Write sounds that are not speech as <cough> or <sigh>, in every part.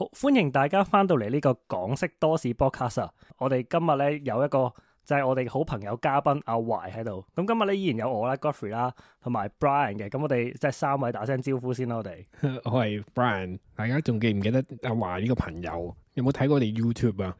好，歡迎大家翻到嚟呢個港識多史 podcast 啊！我哋今日咧有一個就係、是、我哋好朋友嘉賓阿懷喺度。咁今日咧依然有我啦，Godfrey 啦，同埋 Brian 嘅。咁我哋即係三位打聲招呼先啦、啊，我哋。我係 Brian，大家仲記唔記得阿懷呢個朋友？有冇睇過我哋 YouTube 啊？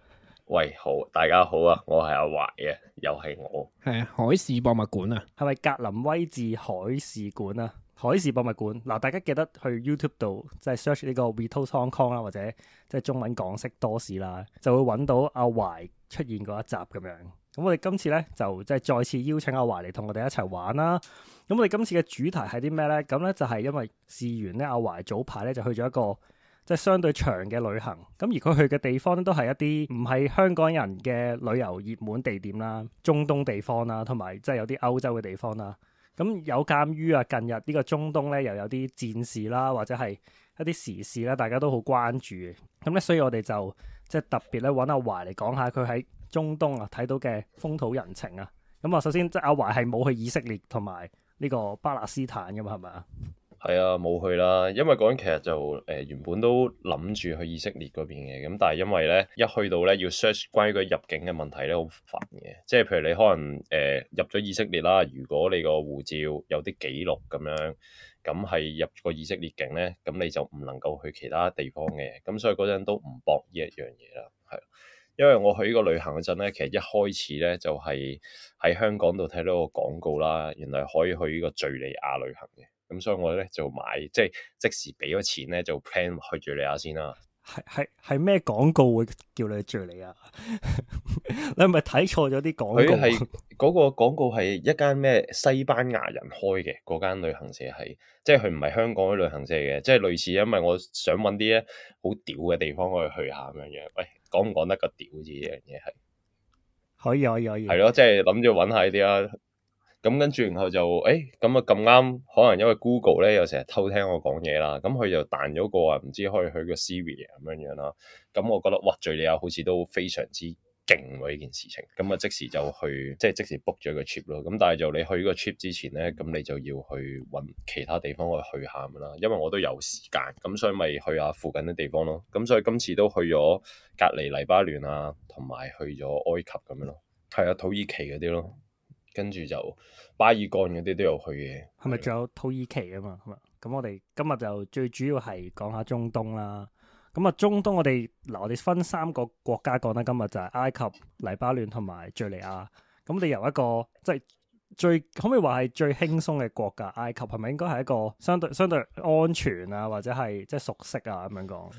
喂，好，大家好啊，我係阿懷嘅，又係我。係啊，海事博物館啊，係咪格林威治海事館啊？海事博物館嗱，大家記得去 YouTube 度即係 search 呢個 retold Hong Kong 啦，或者即係中文港式多士啦，就會揾到阿懷出現嗰一集咁樣。咁我哋今次咧就即係再次邀請阿懷嚟同我哋一齊玩啦。咁我哋今次嘅主題係啲咩咧？咁咧就係因為事緣咧，阿懷早排咧就去咗一個即係相對長嘅旅行。咁而佢去嘅地方都係一啲唔係香港人嘅旅遊熱門地點啦，中東地方啦，同埋即係有啲歐洲嘅地方啦。咁、嗯、有鑑於啊，近日呢個中東咧又有啲戰事啦，或者係一啲時事啦，大家都好關注。咁、嗯、咧，所以我哋就即係、就是、特別咧揾阿懷嚟講下佢喺中東啊睇到嘅風土人情啊。咁、嗯、啊，首先即係阿懷係冇去以色列同埋呢個巴勒斯坦噶嘛，係咪啊？係啊，冇去啦，因為嗰陣其實就誒、呃、原本都諗住去以色列嗰邊嘅，咁但係因為咧一去到咧要 search 關於個入境嘅問題咧好煩嘅，即係譬如你可能誒、呃、入咗以色列啦，如果你個護照有啲記錄咁樣，咁係入個以色列境咧，咁你就唔能夠去其他地方嘅，咁所以嗰陣都唔搏呢一樣嘢啦，係，因為我去呢個旅行嗰陣咧，其實一開始咧就係、是、喺香港度睇到個廣告啦，原來可以去呢個敘利亞旅行嘅。咁所以我咧就買，即係即時俾咗錢咧就 plan 去敘利亞先啦。係。係係咩廣告會叫你去敘利亞？ <laughs> 你係咪睇錯咗啲廣告？佢係嗰個廣告係一間咩西班牙人開嘅嗰間旅行社，係即係佢唔係香港嘅旅行社嘅，即係類似，因為我想揾啲好屌嘅地方可以去下咁樣樣。喂，講唔講得個屌字呢樣嘢？係可以可以可以。係咯，即係諗住揾下啲啦、啊。咁跟住，然後就，誒、欸，咁啊咁啱，可能因為 Google 咧又成日偷聽我講嘢啦，咁佢就彈咗個啊，唔知可以去個 Siri 咁樣樣啦。咁我覺得，哇，敘利亞好似都非常之勁喎，啊，呢件事情。咁啊，即時就去，即係即時 book 咗個 trip 咯。咁但係就你去呢個 trip 之前咧，咁你就要去搵其他地方去去下咁啦。因為我都有時間，咁所以咪去下附近啲地方咯。咁所以今次都去咗隔籬黎巴嫩啊，同埋去咗埃及咁樣咯。係啊，土耳其嗰啲咯。跟住就巴爾幹嗰啲都有去嘅，係咪仲有土耳其啊嘛？係嘛？咁我哋今日就最主要係講下中東啦。咁啊，中東我哋嗱，我哋分三個國家講啦。今日就係埃及、黎巴嫩同埋敘利亞。咁你由一個即係、就是、最可唔可以話係最輕鬆嘅國家？埃及係咪應該係一個相對相對安全啊，或者係即係熟悉啊？咁樣講，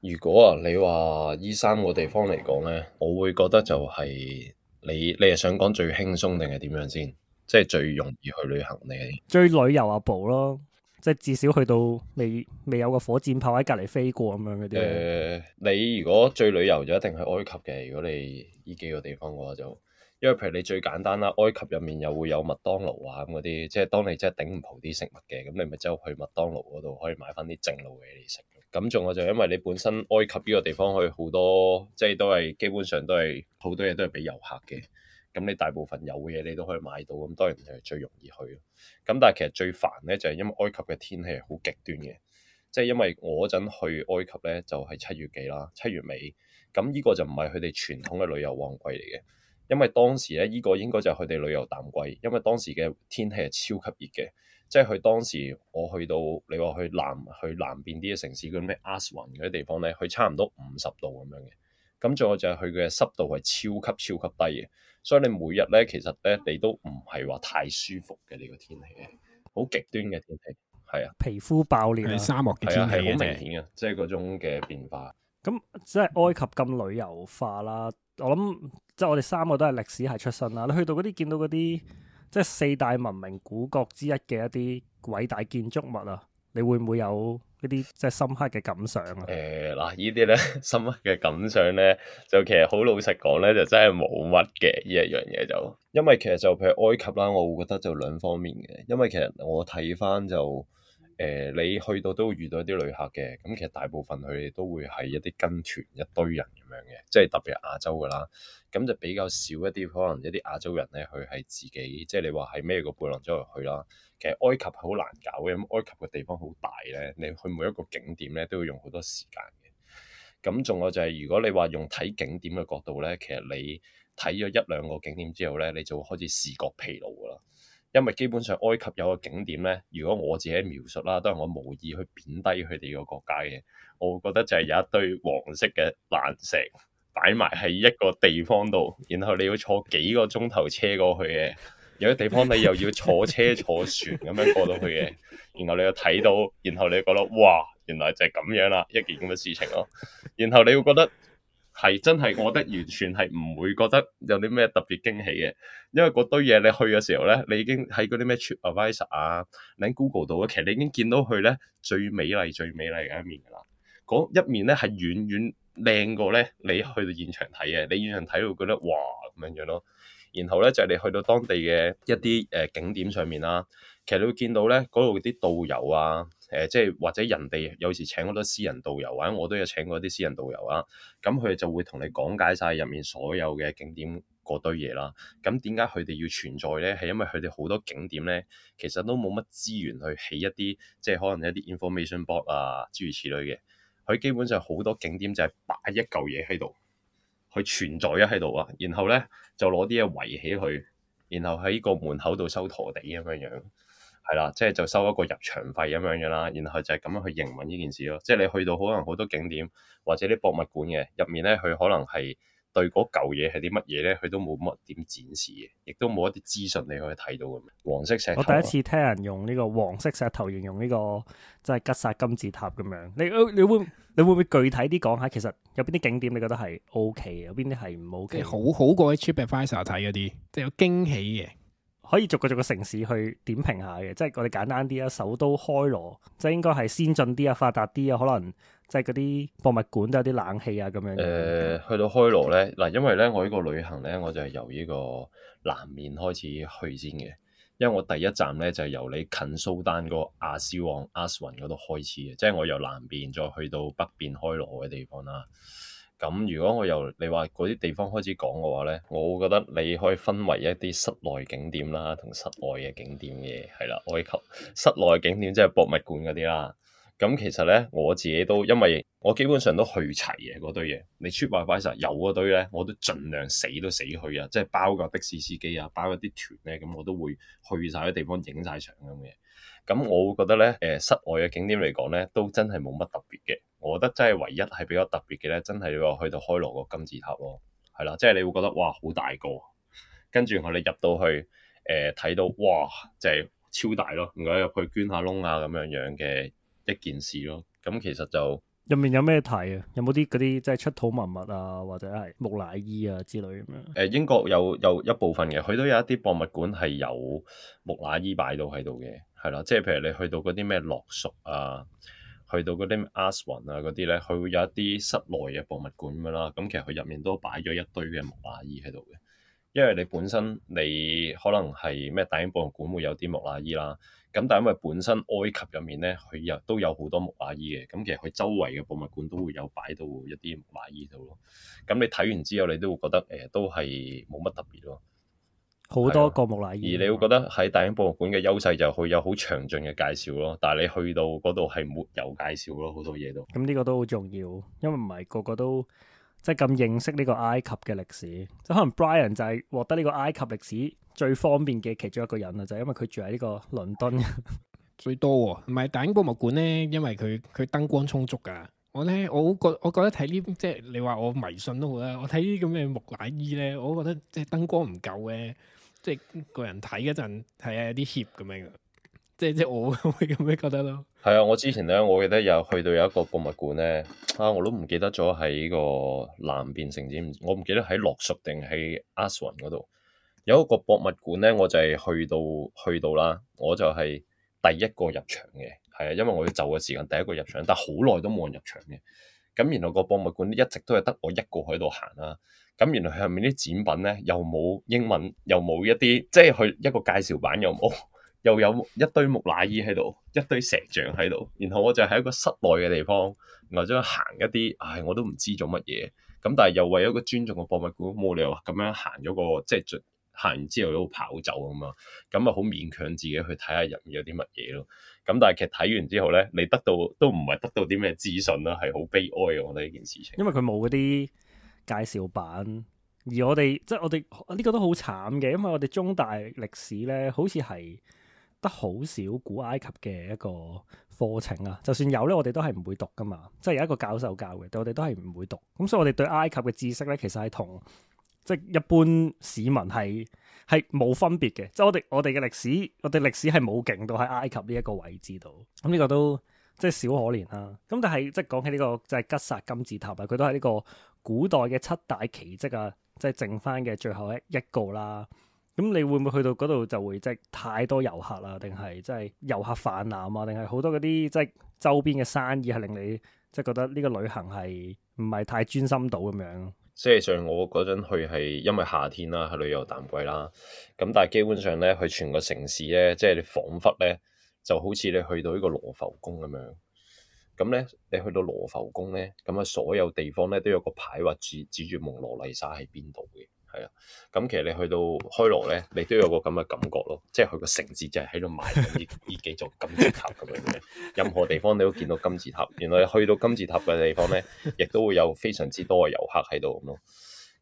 如果啊，你話依三個地方嚟講咧，我會覺得就係、是。你你係想講最輕鬆定係點樣先？即係最容易去旅行你？最旅遊阿部咯，即係至少去到未未有個火箭炮喺隔籬飛過咁樣嗰啲。誒、呃，你如果最旅遊就一定係埃及嘅。如果你呢幾個地方嘅話就，因為譬如你最簡單啦，埃及入面又會有麥當勞啊咁嗰啲，即係當你真係頂唔住啲食物嘅，咁你咪即係去麥當勞嗰度可以買翻啲正路嘅嘢嚟食。咁仲有就因為你本身埃及呢個地方去好多，即係都係基本上都係好多嘢都係俾遊客嘅。咁你大部分有嘅嘢你都可以買到，咁當然係最容易去。咁但係其實最煩咧，就係因為埃及嘅天氣係好極端嘅，即係因為我嗰陣去埃及咧就係七月幾啦，七月尾。咁呢個就唔係佢哋傳統嘅旅遊旺季嚟嘅，因為當時咧呢個應該就係佢哋旅遊淡季，因為當時嘅天氣係超級熱嘅。即係佢當時，我去到你話去南去南邊啲嘅城市，叫咩阿斯旺嗰啲地方咧，佢差唔多五十度咁樣嘅。咁仲有就係佢嘅濕度係超級超級低嘅，所以你每日咧其實咧你都唔係話太舒服嘅呢、呢個天氣好極端嘅天氣，係啊。皮膚爆裂，沙漠嘅天氣係係好明顯嘅，即係嗰種嘅變化。咁即係埃及咁旅遊化啦，我諗即係我哋三個都係歷史系出身啦。你去到嗰啲見到嗰啲。即係四大文明古國之一嘅一啲偉大建築物啊，你會唔會有一啲即係深刻嘅感想啊？誒嗱、欸，呢啲咧深刻嘅感想咧，就其實好老實講咧，就真係冇乜嘅呢一樣嘢就，因為其實就譬如埃及啦，我會覺得就兩方面嘅，因為其實我睇翻就。誒、呃，你去到都會遇到一啲旅客嘅，咁其實大部分佢哋都會係一啲跟團一堆人咁樣嘅，即係特別係亞洲噶啦，咁就比較少一啲可能一啲亞洲人咧，佢係自己，即係你話係咩個背囊周嚟去啦。其實埃及好難搞嘅，因為埃及嘅地方好大咧，你去每一個景點咧都要用好多時間嘅。咁仲有就係、是、如果你話用睇景點嘅角度咧，其實你睇咗一兩個景點之後咧，你就會開始視覺疲勞㗎啦。因為基本上埃及有個景點呢，如果我自己描述啦，都係我無意去貶低佢哋個國家嘅，我會覺得就係有一堆黃色嘅爛石擺埋喺一個地方度，然後你要坐幾個鐘頭車過去嘅，有啲地方你又要坐車 <laughs> 坐船咁樣過到去嘅，然後你又睇到，然後你覺得哇，原來就係咁樣啦，一件咁嘅事情咯，然後你會覺得。係真係，我覺得完全係唔會覺得有啲咩特別驚喜嘅，因為嗰堆嘢你去嘅時候咧，你已經喺嗰啲咩 TripAdvisor 啊、喺 Google 度咧，其實你已經見到佢咧最美麗、最美麗嘅一面㗎啦。嗰一面咧係遠遠靚過咧你去到現場睇嘅，你現場睇到覺得哇咁樣樣咯。然後咧就係、係、你去到當地嘅一啲誒、呃、景點上面啦。其實你會見到咧，嗰度啲導遊啊，誒、呃，即係或者人哋有時請好多私人導遊、啊，或者我都有請過啲私人導遊啊。咁佢哋就會同你講解晒入面所有嘅景點嗰堆嘢啦。咁點解佢哋要存在咧？係因為佢哋好多景點咧，其實都冇乜資源去起一啲，即係可能一啲 information board 啊之類此類嘅。佢基本上好多景點就係擺一嚿嘢喺度，佢存在咗喺度啊，然後咧就攞啲嘢圍起佢，然後喺個門口度收陀地咁樣樣。係啦，即係就收一個入場費咁樣嘅啦，然後就係咁樣去營運呢件事咯。即係你去到可能好多景點或者啲博物館嘅入面咧，佢可能係對嗰嚿嘢係啲乜嘢咧，佢都冇乜點展示嘅，亦都冇一啲資訊你可以睇到嘅。黃色石頭，我第一次聽人用呢個黃色石頭形容呢個即係、就是、吉薩金字塔咁樣。你你，你會你會唔會具體啲講下？其實有邊啲景點你覺得係 O K，有邊啲係唔 O K？好好過喺 trip advisor 睇嗰啲，即係有驚喜嘅。可以逐個逐個城市去點評下嘅，即係我哋簡單啲啊。首都開羅即係應該係先進啲啊，發達啲啊，可能即係嗰啲博物館都有啲冷氣啊，咁樣誒、呃。去到開羅呢，嗱，因為呢，我呢個旅行呢，我就係由呢個南面開始去先嘅，因為我第一站呢，就係、是、由你近蘇丹個阿斯旺阿斯云嗰度開始嘅，即係我由南邊再去到北邊開羅嘅地方啦。咁如果我由你話嗰啲地方開始講嘅話咧，我會覺得你可以分為一啲室內景點啦，同室外嘅景點嘅，係啦，埃及室內景點即係博物館嗰啲啦。咁其實咧，我自己都因為我基本上都去齊嘅嗰堆嘢，你出外快時候有嗰堆咧，我都儘量死都死去啊！即係包括的士司機啊，包括啲團咧，咁我都會去晒啲地方影晒相咁嘅。咁我會覺得咧，誒、呃、室外嘅景點嚟講咧，都真係冇乜特別嘅。我覺得真係唯一係比較特別嘅咧，真係你話去到開羅個金字塔咯，係啦，即係你會覺得哇好大個，跟住我哋入到去誒睇到哇就係超大咯，唔該入去捐下窿啊咁樣樣嘅一件事咯。咁、嗯、其實就入面有咩睇啊？有冇啲嗰啲即係出土文物啊，或者係木乃伊啊之類咁樣？誒，英國有有一部分嘅，佢都有一啲博物館係有木乃伊擺到喺度嘅，係啦，即係譬如你去到嗰啲咩樂蜀啊。去到嗰啲阿斯旺啊嗰啲咧，佢會有一啲室內嘅博物館咁樣啦，咁其實佢入面都擺咗一堆嘅木乃伊喺度嘅，因為你本身你可能係咩大英博物館會有啲木乃伊啦，咁但係因為本身埃及入面咧，佢又都有好多木乃伊嘅，咁其實佢周圍嘅博物館都會有擺到一啲木乃伊度咯，咁你睇完之後你都會覺得誒、呃、都係冇乜特別咯。好多個木乃伊，而你會覺得喺大英博物館嘅優勢就佢有好詳盡嘅介紹咯，但係你去到嗰度係沒有介紹咯，好多嘢都。咁呢、嗯這個都好重要，因為唔係個個都即係咁認識呢個埃及嘅歷史，即可能 Brian 就係獲得呢個埃及歷史最方便嘅其中一個人、就是、個啊，就係因為佢住喺呢個倫敦。最多唔係大英博物館咧，因為佢佢燈光充足噶。我咧我覺我覺得睇呢即係你話我迷信都好啦，我睇呢啲咁嘅木乃伊咧，我覺得即係燈光唔夠咧。即係個人睇嗰陣，睇下有啲怯咁樣，即係即係我會咁樣覺得咯。係啊，我之前咧，我記得有去到有一個博物館咧，啊，我都唔記得咗喺個南邊城市，我唔記得喺樂蜀定喺 Aswan 嗰度。有一個博物館咧，我就係去到去到啦，我就係第一個入場嘅。係啊，因為我要走嘅時間第一個入場，但係好耐都冇人入場嘅。咁然後個博物館一直都係得我一個喺度行啦。咁原來佢下面啲展品咧，又冇英文，又冇一啲，即係佢一個介紹版又冇，又有一堆木乃伊喺度，一堆石像喺度。然後我就喺一個室內嘅地方，然後走去行一啲，唉、哎，我都唔知做乜嘢。咁但係又為咗個尊重嘅博物館，冇理由咁樣行咗個，即係行完之後都跑走啊嘛。咁啊，好勉強自己去睇下入面有啲乜嘢咯。咁但係其實睇完之後咧，你得到都唔係得到啲咩資訊啦，係好悲哀。我覺得呢件事情，因為佢冇嗰啲。介紹版，而我哋即係我哋呢個都好慘嘅，因為我哋中大歷史咧，好似係得好少古埃及嘅一個課程啊。就算有咧，我哋都係唔會讀噶嘛。即係有一個教授教嘅，但我哋都係唔會讀。咁、嗯、所以我哋對埃及嘅知識咧，其實係同即係一般市民係係冇分別嘅。即係我哋我哋嘅歷史，我哋歷史係冇勁到喺埃及呢一個位置度。咁、嗯、呢個都即係小可憐啦。咁但係即係講起呢個即係吉薩金字塔啊，佢都係呢個。古代嘅七大奇蹟啊，即、就、係、是、係剩翻嘅最後一一個啦。咁你會唔會去到嗰度就會即係太多遊客啊？定係即係遊客泛濫啊？定係好多嗰啲即係周邊嘅生意係令你即係覺得呢個旅行係唔係太專心到咁樣？即係上我嗰陣去係因為夏天啦，去旅遊淡季啦。咁但係基本上咧，去全個城市咧，即係你彷彿咧就好似你去到呢個羅浮宮咁樣。咁咧，你去到羅浮宮咧，咁啊所有地方咧都有個牌話指指住蒙羅麗莎喺邊度嘅，係啊。咁其實你去到開羅咧，你都有個咁嘅感覺咯，即係佢個城市就，就係喺度賣緊呢呢幾座金字塔咁樣嘅。任何地方你都見到金字塔，原來你去到金字塔嘅地方咧，亦都會有非常之多嘅遊客喺度咁咯。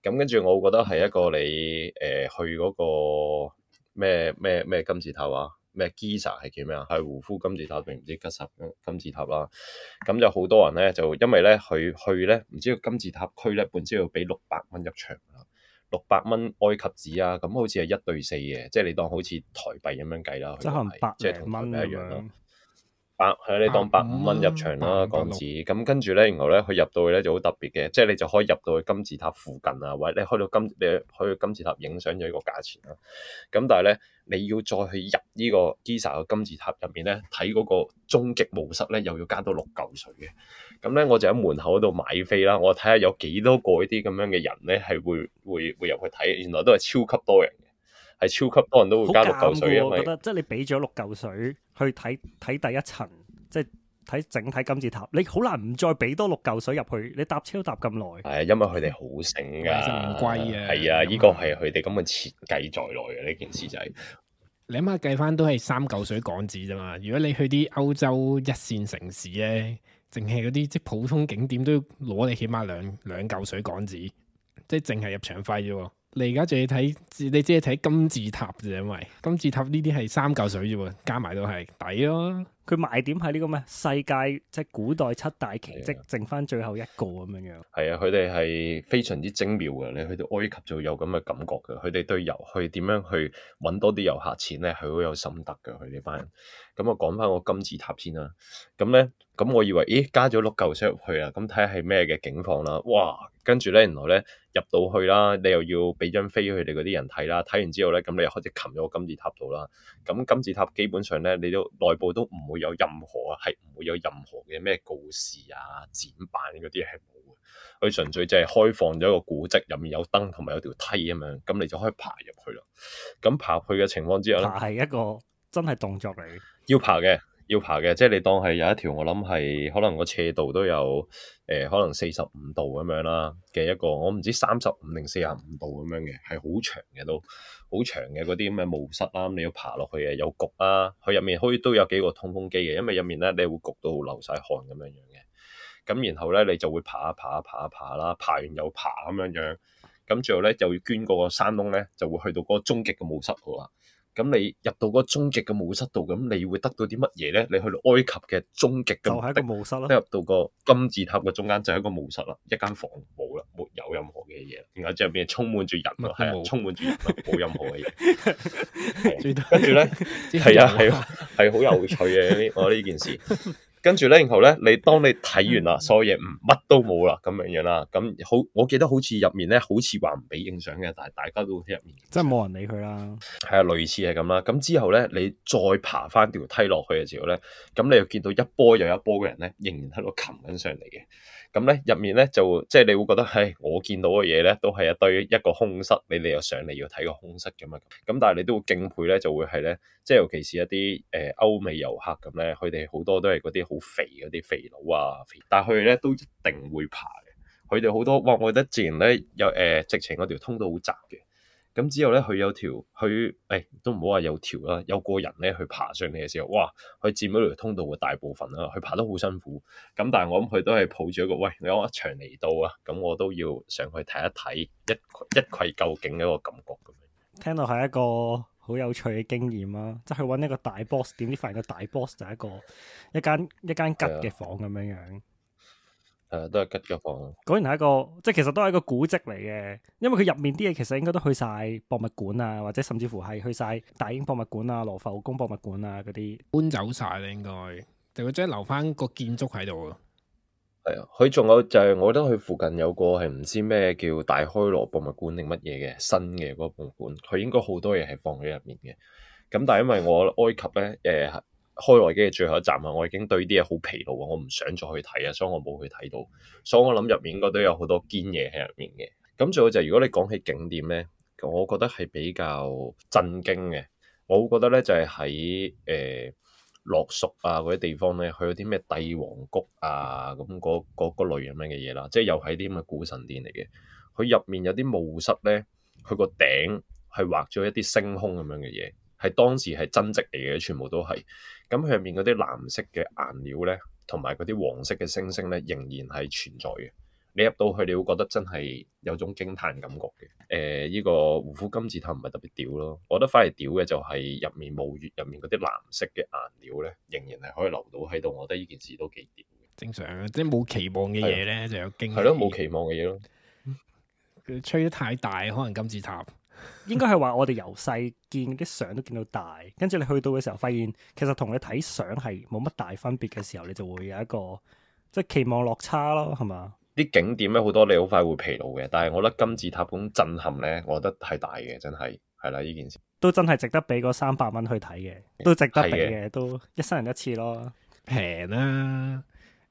咁跟住我覺得係一個你誒、呃、去嗰、嗰個咩咩咩金字塔啊？咩 Giza 係叫咩啊？係護膚金字塔定唔知吉薩金字塔啦。咁就好多人咧，就因為咧佢去咧，唔知道金字塔區咧，本身要畀六百蚊入場啦，六百蚊埃及紙啊。咁好似係一對四嘅，即係你當好似台幣咁樣計啦。即係可能百即係蚊咁樣。一樣百佢，啊、你當百五蚊入場啦港紙，咁跟住咧，然後咧佢入到去咧就好特別嘅，即係你就可以入到去金字塔附近啊，或者你開到金，你去到金字塔影相咗呢個價錢啦。咁但係咧，你要再去入呢個 Giza 嘅金字塔入面咧，睇嗰個終極模式咧，又要加到六嚿水嘅。咁咧，我就喺門口嗰度買飛啦，我睇下有幾多個呢啲咁樣嘅人咧，係會會會入去睇，原來都係超級多人。係超級多人都會加六嚿水，我覺得即係你俾咗六嚿水去睇睇第一層，即係睇整體金字塔，你好難唔再俾多六嚿水入去。你搭車搭咁耐，係啊，因為佢哋好醒嘅，唔貴嘅，係啊，呢個係佢哋咁嘅設計在內嘅呢件事就係。你諗下計翻都係三嚿水港紙啫嘛。如果你去啲歐洲一線城市咧，淨係嗰啲即係普通景點都攞你起碼兩兩嚿水港紙，即係淨係入場費啫。.你而家仲要睇，你即係睇金字塔啫，因為金字塔呢啲係三嚿水啫，喎加埋都係抵咯。佢、啊、賣點係呢個咩？世界即係、就是、古代七大奇蹟，的剩翻最後一個咁樣樣。係啊，佢哋係非常之精妙嘅。你去到埃及就有咁嘅感覺嘅。佢哋對遊去點樣去搵多啲遊客錢咧，係好有心得嘅。佢哋班人咁啊，講翻個金字塔先啦。咁咧。咁、嗯、我以為，咦，加咗碌舊石入去啊！咁睇下係咩嘅境況啦。哇，跟住咧，原來咧入到去啦，你又要俾張飛佢哋嗰啲人睇啦。睇完之後咧，咁你又開始擒咗個金字塔度啦。咁金字塔基本上咧，你都內部都唔會有任何啊，係唔會有任何嘅咩告示啊、展板嗰啲係冇嘅。佢純粹就係開放咗一個古跡，入面有燈同埋有條梯咁樣，咁你就可以爬入去咯。咁爬去嘅情況之下咧，係一個真係動作嚟，要爬嘅。要爬嘅，即係你當係有一條，我諗係可能個斜度都有誒、呃，可能四十五度咁樣啦嘅一個，我唔知三十五定四十五度咁樣嘅，係好長嘅都長，好長嘅嗰啲咩墓室啦、啊，你要爬落去嘅，有焗啦、啊，佢入面好似都有幾個通風機嘅，因為入面咧你會焗到流晒汗咁樣樣嘅，咁然後咧你就會爬啊爬啊爬啊爬啦、啊啊，爬完又爬咁樣樣，咁最後咧就要捐嗰個山窿咧，就會去到嗰個終極嘅墓室度喎。咁你入到嗰個終極嘅墓室度，咁你會得到啲乜嘢咧？你去到埃及嘅終極，就係一個墓室咯。入到個金字塔嘅中間，就係一個墓室咯，一間房冇啦，沒有任何嘅嘢。然後之後邊充滿住人啦，係有啊，充滿住人啦，冇任何嘅嘢。跟住咧，係 <laughs> 啊，係啊，係好有趣嘅呢！我呢件事。跟住咧，然後咧，你當你睇完啦，所有嘢唔乜都冇啦，咁樣樣啦，咁好，我記得好似入面咧，好似話唔俾影相嘅，但係大家都喺入面，即係冇人理佢啦。係啊、嗯，類似係咁啦。咁之後咧，你再爬翻條梯落去嘅時候咧，咁你又見到一波又一波嘅人咧，仍然喺度擒緊上嚟嘅。咁咧入面咧就即係你會覺得，唉、哎，我見到嘅嘢咧都係一堆一個空室，你哋又上嚟要睇個空室咁樣。咁但係你都會敬佩咧，就會係咧，即係尤其是一啲誒、呃、歐美遊客咁咧，佢哋好多都係嗰啲好好肥嗰啲肥佬啊，肥但係佢咧都一定會爬嘅。佢哋好多哇，我覺得自然咧有誒、呃，直情嗰條通道好窄嘅。咁之後咧，佢有條佢誒、哎，都唔好話有條啦，有個人咧去爬上嚟嘅時候，哇！佢佔咗條通道嘅大部分啦，佢爬得好辛苦。咁但係我諗佢都係抱住一個，喂，你一場嚟到啊，咁我都要上去睇一睇，一一攰究竟嘅一個感覺咁樣。聽到係一個。好有趣嘅經驗啦、啊，即係去揾一個大 boss，點知發現個大 boss 就係一個一間一間吉嘅房咁樣樣。誒，都係吉嘅房。果然係一個，即係其實都係一個古蹟嚟嘅，因為佢入面啲嘢其實應該都去晒博物館啊，或者甚至乎係去晒大英博物館啊、羅浮宮博物館啊嗰啲搬走晒啦，應該就會將留翻個建築喺度。佢仲有就係、是，我覺得佢附近有個係唔知咩叫大開羅博物館定乜嘢嘅，新嘅嗰個博物館，佢應該好多嘢係放喺入面嘅。咁但係因為我埃及咧，誒、呃、開羅嘅最後一站啊，我已經對啲嘢好疲勞啊，我唔想再去睇啊，所以我冇去睇到。所以我諗入面應該都有好多堅嘢喺入面嘅。咁最好就係、是、如果你講起景點咧，我覺得係比較震驚嘅。我會覺得咧就係喺誒。呃樂蜀啊嗰啲地方咧，佢有啲咩帝王谷啊咁嗰嗰嗰類咁樣嘅嘢啦，即係又係啲咁嘅古神殿嚟嘅。佢入面有啲墓室咧，佢個頂係畫咗一啲星空咁樣嘅嘢，係當時係真跡嚟嘅，全部都係。咁佢入面嗰啲藍色嘅顏料咧，同埋嗰啲黃色嘅星星咧，仍然係存在嘅。你入到去，你會覺得真係有種驚歎感覺嘅。誒、呃，依、這個胡夫金字塔唔係特別屌咯。我覺得翻嚟屌嘅就係入面冇月入面嗰啲藍色嘅顏料咧，仍然係可以留到喺度。我覺得呢件事都幾掂嘅。正常即係冇期望嘅嘢咧就有驚。係咯，冇期望嘅嘢咯。佢吹得太大，可能金字塔 <laughs> 應該係話我哋由細見啲相都見到大，跟住你去到嘅時候，發現其實同你睇相係冇乜大分別嘅時候，你就會有一個即係、就是、期望落差咯，係嘛？啲景點咧好多你好快會疲勞嘅，但係我覺得金字塔嗰種震撼咧，我覺得係大嘅，真係係啦，呢件事都真係值得俾嗰三百蚊去睇嘅，都值得俾嘅，的都一生人一次咯，平啦，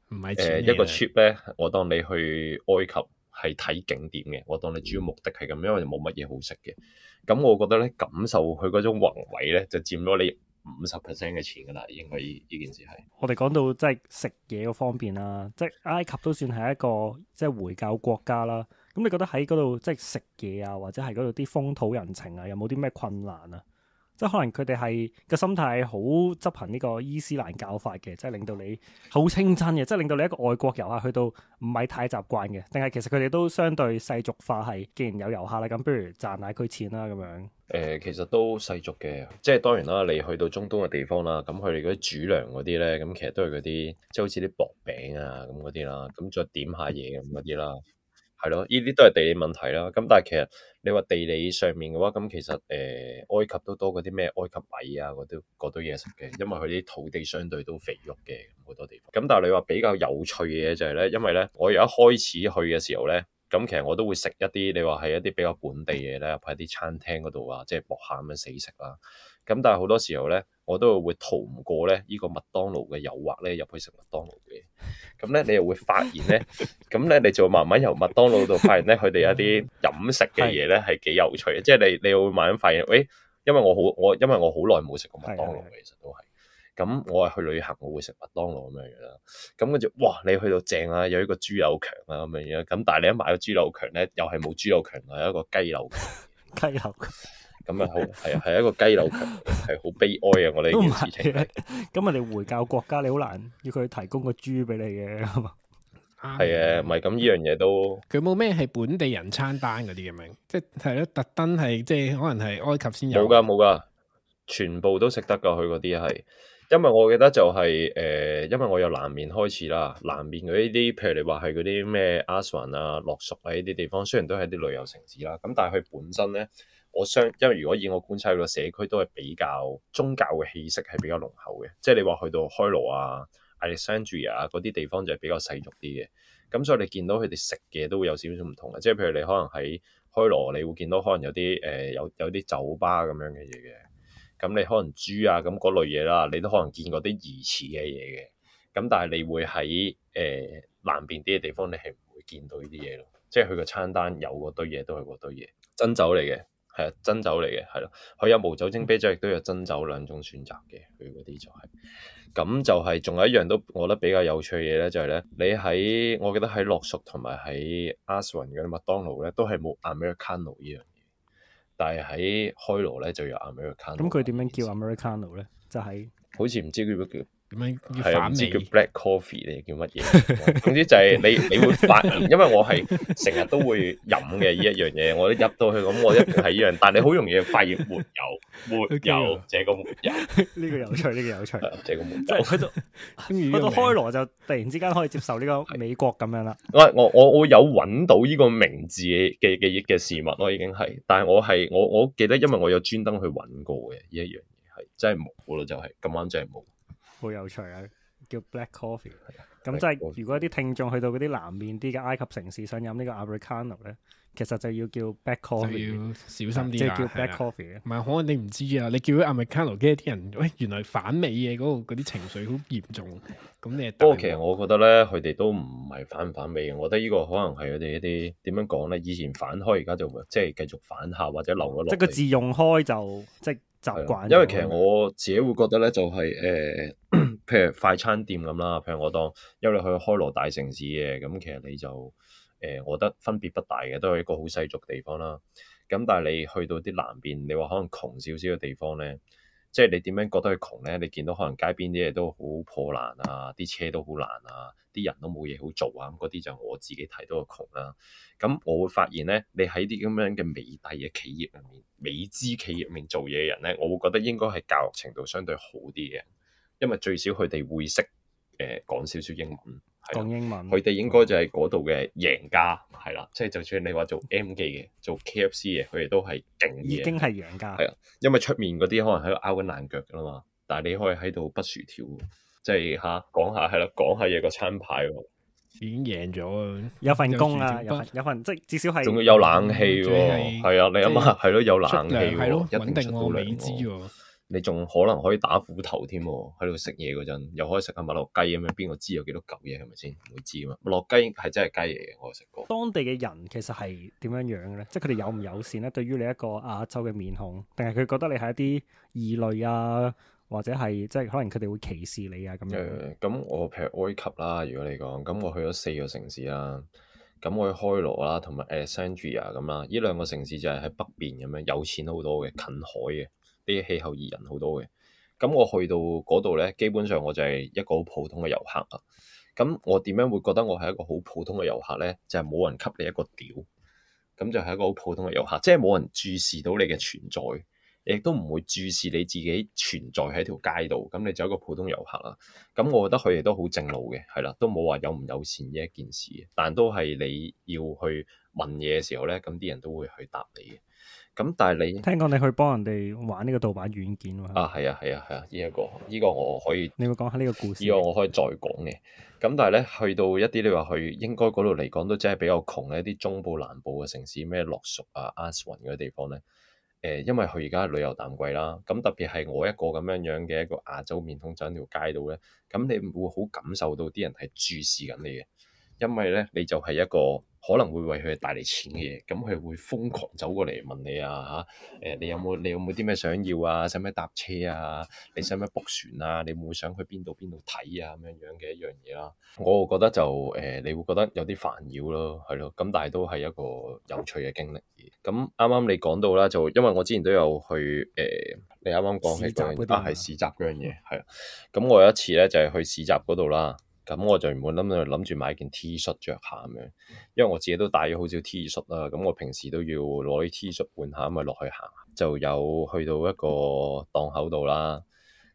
唔係誒一個 trip 咧，我當你去埃及係睇景點嘅，我當你主要目的係咁樣，因為冇乜嘢好食嘅，咁我覺得咧感受佢嗰種宏偉咧就佔咗你五十 percent 嘅錢噶啦，應該呢件事係。我哋講到即係食嘢個方面啦，即係埃及都算係一個即係回教國家啦。咁你覺得喺嗰度即係食嘢啊，或者係嗰度啲風土人情啊，有冇啲咩困難啊？即係可能佢哋係個心態好執行呢個伊斯蘭教法嘅，即係令到你好清真嘅，即係令到你一個外國遊客去到唔係太習慣嘅，定係其實佢哋都相對世俗化。係既然有遊客啦，咁不如賺下佢錢啦咁樣。誒、呃，其實都世俗嘅，即係當然啦。你去到中東嘅地方啦，咁佢哋嗰啲主糧嗰啲咧，咁其實都係嗰啲即係好似啲薄餅啊咁嗰啲啦，咁再點下嘢咁嗰啲啦。那那係咯，呢啲都係地理問題啦。咁但係其實你話地理上面嘅話，咁其實誒、呃、埃及都多嗰啲咩埃及米啊，嗰啲嗰堆嘢食嘅，因為佢啲土地相對都肥沃嘅好多地方。咁但係你話比較有趣嘅嘢就係、是、咧，因為咧我由一開始去嘅時候咧，咁其實我都會食一啲你話係一啲比較本地嘢咧，譬如啲餐廳嗰度啊，即係搏下咁樣死食啦。咁但係好多時候咧。我都會逃唔過咧，呢個麥當勞嘅誘惑咧，入去食麥當勞嘅。咁咧你又會發現咧，咁咧 <laughs> 你就慢慢由麥當勞度發現咧佢哋一啲飲食嘅嘢咧係幾有趣， <laughs> 即係你你會慢慢發現，誒、哎，因為我好我因為我好耐冇食過麥當勞嘅，其實都係。咁 <laughs> 我係去旅行，我會食麥當勞咁樣樣啦。咁跟住，哇！你去到正啦，有一個豬柳強啊咁樣樣。咁但係你一買個豬柳強咧，又係冇豬柳強，有一個雞柳強，雞柳強。咁啊， <laughs> 好係啊，係一個雞柳球，係好悲哀啊！我哋如此聽，咁啊，你回教國家你好難要佢提供個豬俾你嘅，係咪？係嘅 <laughs> 的，唔係咁呢樣嘢都佢冇咩係本地人餐單嗰啲嘅咁樣，即係咯特登係即係可能係埃及先有，冇噶，冇噶，全部都食得噶佢嗰啲係，因為我記得就係、是、誒、呃，因為我由南面開始啦，南面嗰啲譬如你話係嗰啲咩阿斯旺啊、樂蜀啊呢啲地方，雖然都係啲旅遊城市啦，咁但係佢本身咧。我相因為如果以我觀察個社區都係比較宗教嘅氣息係比較濃厚嘅，即係你話去到開羅啊、啊、Alexandria 嗰、啊、啲地方就係比較世俗啲嘅。咁所以你見到佢哋食嘢都會有少少唔同嘅，即係譬如你可能喺開羅，你會見到可能有啲誒、呃、有有啲酒吧咁樣嘅嘢嘅。咁你可能豬啊咁嗰類嘢啦，你都可能見過啲疑似嘅嘢嘅。咁但係你會喺誒、呃、南邊啲嘅地方，你係唔會見到呢啲嘢咯。即係佢個餐單有嗰堆嘢都係嗰堆嘢真酒嚟嘅。係啊，真酒嚟嘅，係咯，佢有無酒精啤酒，亦都有真酒兩種選擇嘅，佢嗰啲就係、是。咁就係、是，仲有一樣都我覺得比較有趣嘅嘢咧，就係、是、咧，你喺我記得喺樂蜀同埋喺阿斯文嘅麥當勞咧，都係冇 Americano 呢樣嘢。但係喺開羅咧就有 Americano。咁佢點樣叫 Americano 咧？就喺、是、好似唔知叫乜叫。係啊，唔知叫 black coffee 定係叫乜嘢？ <laughs> 總之就係你你會發，因為我係成日都會飲嘅呢一樣嘢，我一入到去咁，我一定係呢樣。但係你好容易發現沒有，沒有麼這個沒有。呢個有趣，呢個有趣。這個沒有。去到開羅就突然之間可以接受呢個美國咁樣啦。我我我我有揾到呢個名字嘅嘅嘅事物咯，已經係。但係我係我我記得，因為我有專登去揾過嘅呢一樣嘢，係真係冇咯，就係咁啱真係冇。好有趣啊！叫 Black Coffee，咁的即係 coffee 如果啲聽眾去到嗰啲南面啲嘅埃及城市，想飲呢個 Americano 咧，其實就要叫 Black Coffee，要小心啲即係叫 Black Coffee。唔係，可能你唔知啊！你叫咗 Americano，跟啲人、嗯，喂，原來反美嘢嗰、嗰個嗰啲情緒好嚴重。咁你不過其實我覺得咧，佢哋都唔係反唔反美我覺得呢個可能係佢哋一啲點樣講咧。以前反開，而家就即係繼續反下，或者留一落。即個字用開就即習慣。因為其實我自己會覺得咧，就係、是、誒。呃譬如快餐店咁啦，譬如我當因為你去開羅大城市嘅，咁其實你就誒、呃，我覺得分別不大嘅，都係一個好細俗地方啦。咁但係你去到啲南邊，你話可能窮少少嘅地方咧，即係你點樣覺得佢窮咧？你見到可能街邊啲嘢都好破爛啊，啲車都好爛啊，啲人都冇嘢好做啊，咁嗰啲就我自己睇到個窮啦、啊。咁我會發現咧，你喺啲咁樣嘅美帝嘅企業入面，美資企業入面做嘢嘅人咧，我會覺得應該係教育程度相對好啲嘅。因為最少佢哋會識誒講少少英文，講英文，佢哋應該就係嗰度嘅贏家，係啦，即係就算你話做 M 記嘅，做 KFC 嘅，佢哋都係勁啲嘅，已經係贏家，係啊，因為出面嗰啲可能喺度拗緊爛腳噶啦嘛，但係你可以喺度不薯條，即係吓講下係啦，講下嘢個餐牌，已經贏咗，有份工啊，有份，有份，即係至少係，仲要有冷氣，係啊，你諗下，係咯，有冷氣，係咯，穩定喎，你知喎。你仲可能可以打斧頭添、啊、喎，喺度食嘢嗰陣，又可以食下麥樂雞咁樣，邊個知有幾多嚿嘢係咪先？唔會知嘛。麥樂雞係真係雞嚟嘅。我食過。當地嘅人其實係點樣樣嘅咧？即係佢哋有唔友善咧？對於你一個亞洲嘅面孔，定係佢覺得你係一啲異類啊？或者係即係可能佢哋會歧視你啊？咁樣。誒，咁我譬如埃及啦，如果你講，咁、mm. 我，我去咗四個城市啦，咁我去開羅啦，同埋 Alexandria 咁啦，呢兩個城市就係喺北邊咁樣，有錢好多嘅，近海嘅。啲氣候宜人好多嘅，咁我去到嗰度咧，基本上我就係一個好普通嘅遊客啊。咁我點樣會覺得我係一個好普通嘅遊客咧？就係、是、冇人給你一個屌，咁就係一個好普通嘅遊客，即係冇人注視到你嘅存在，亦都唔會注視你自己存在喺條街度。咁你就一個普通遊客啦。咁我覺得佢哋都好正路嘅，係啦，都冇話有唔友善呢一件事，但都係你要去問嘢嘅時候咧，咁啲人都會去答你嘅。咁但係你聽講你去幫人哋玩呢個盜版軟件喎？啊係啊係啊係啊！呢一、啊啊啊這個呢、這個我可以，你會講下呢個故事。呢個我可以再講嘅。咁但係咧，去到一啲你話去應該嗰度嚟講都真係比較窮嘅一啲中部南部嘅城市咩落屬啊 a 阿斯雲嘅地方咧，誒、呃，因為佢而家係旅遊淡季啦。咁、嗯、特別係我一個咁樣樣嘅一個亞洲面孔就喺條街度咧，咁、嗯、你唔會好感受到啲人係注視緊你嘅。因為咧，你就係一個可能會為佢帶嚟錢嘅嘢，咁佢會瘋狂走過嚟問你啊嚇，誒你有冇你有冇啲咩想要啊？使咩搭車啊？你使咩想 book 船啊？你會唔會想去邊度邊度睇啊？咁樣樣嘅一樣嘢啦，我覺得就誒、呃，你會覺得有啲煩擾咯，係咯，咁但係都係一個有趣嘅經歷。咁啱啱你講到啦，就因為我之前都有去誒、呃，你啱啱講起嗰樣嘢，係市集嗰樣嘢，係啊，咁、嗯、我有一次咧就係去市集嗰度啦。咁我就原本諗住買件 T 恤着下咁樣，因為我自己都戴咗好少 T 恤啦，咁我平時都要攞啲 T 恤換下，咁咪落去行就有去到一個檔口度啦。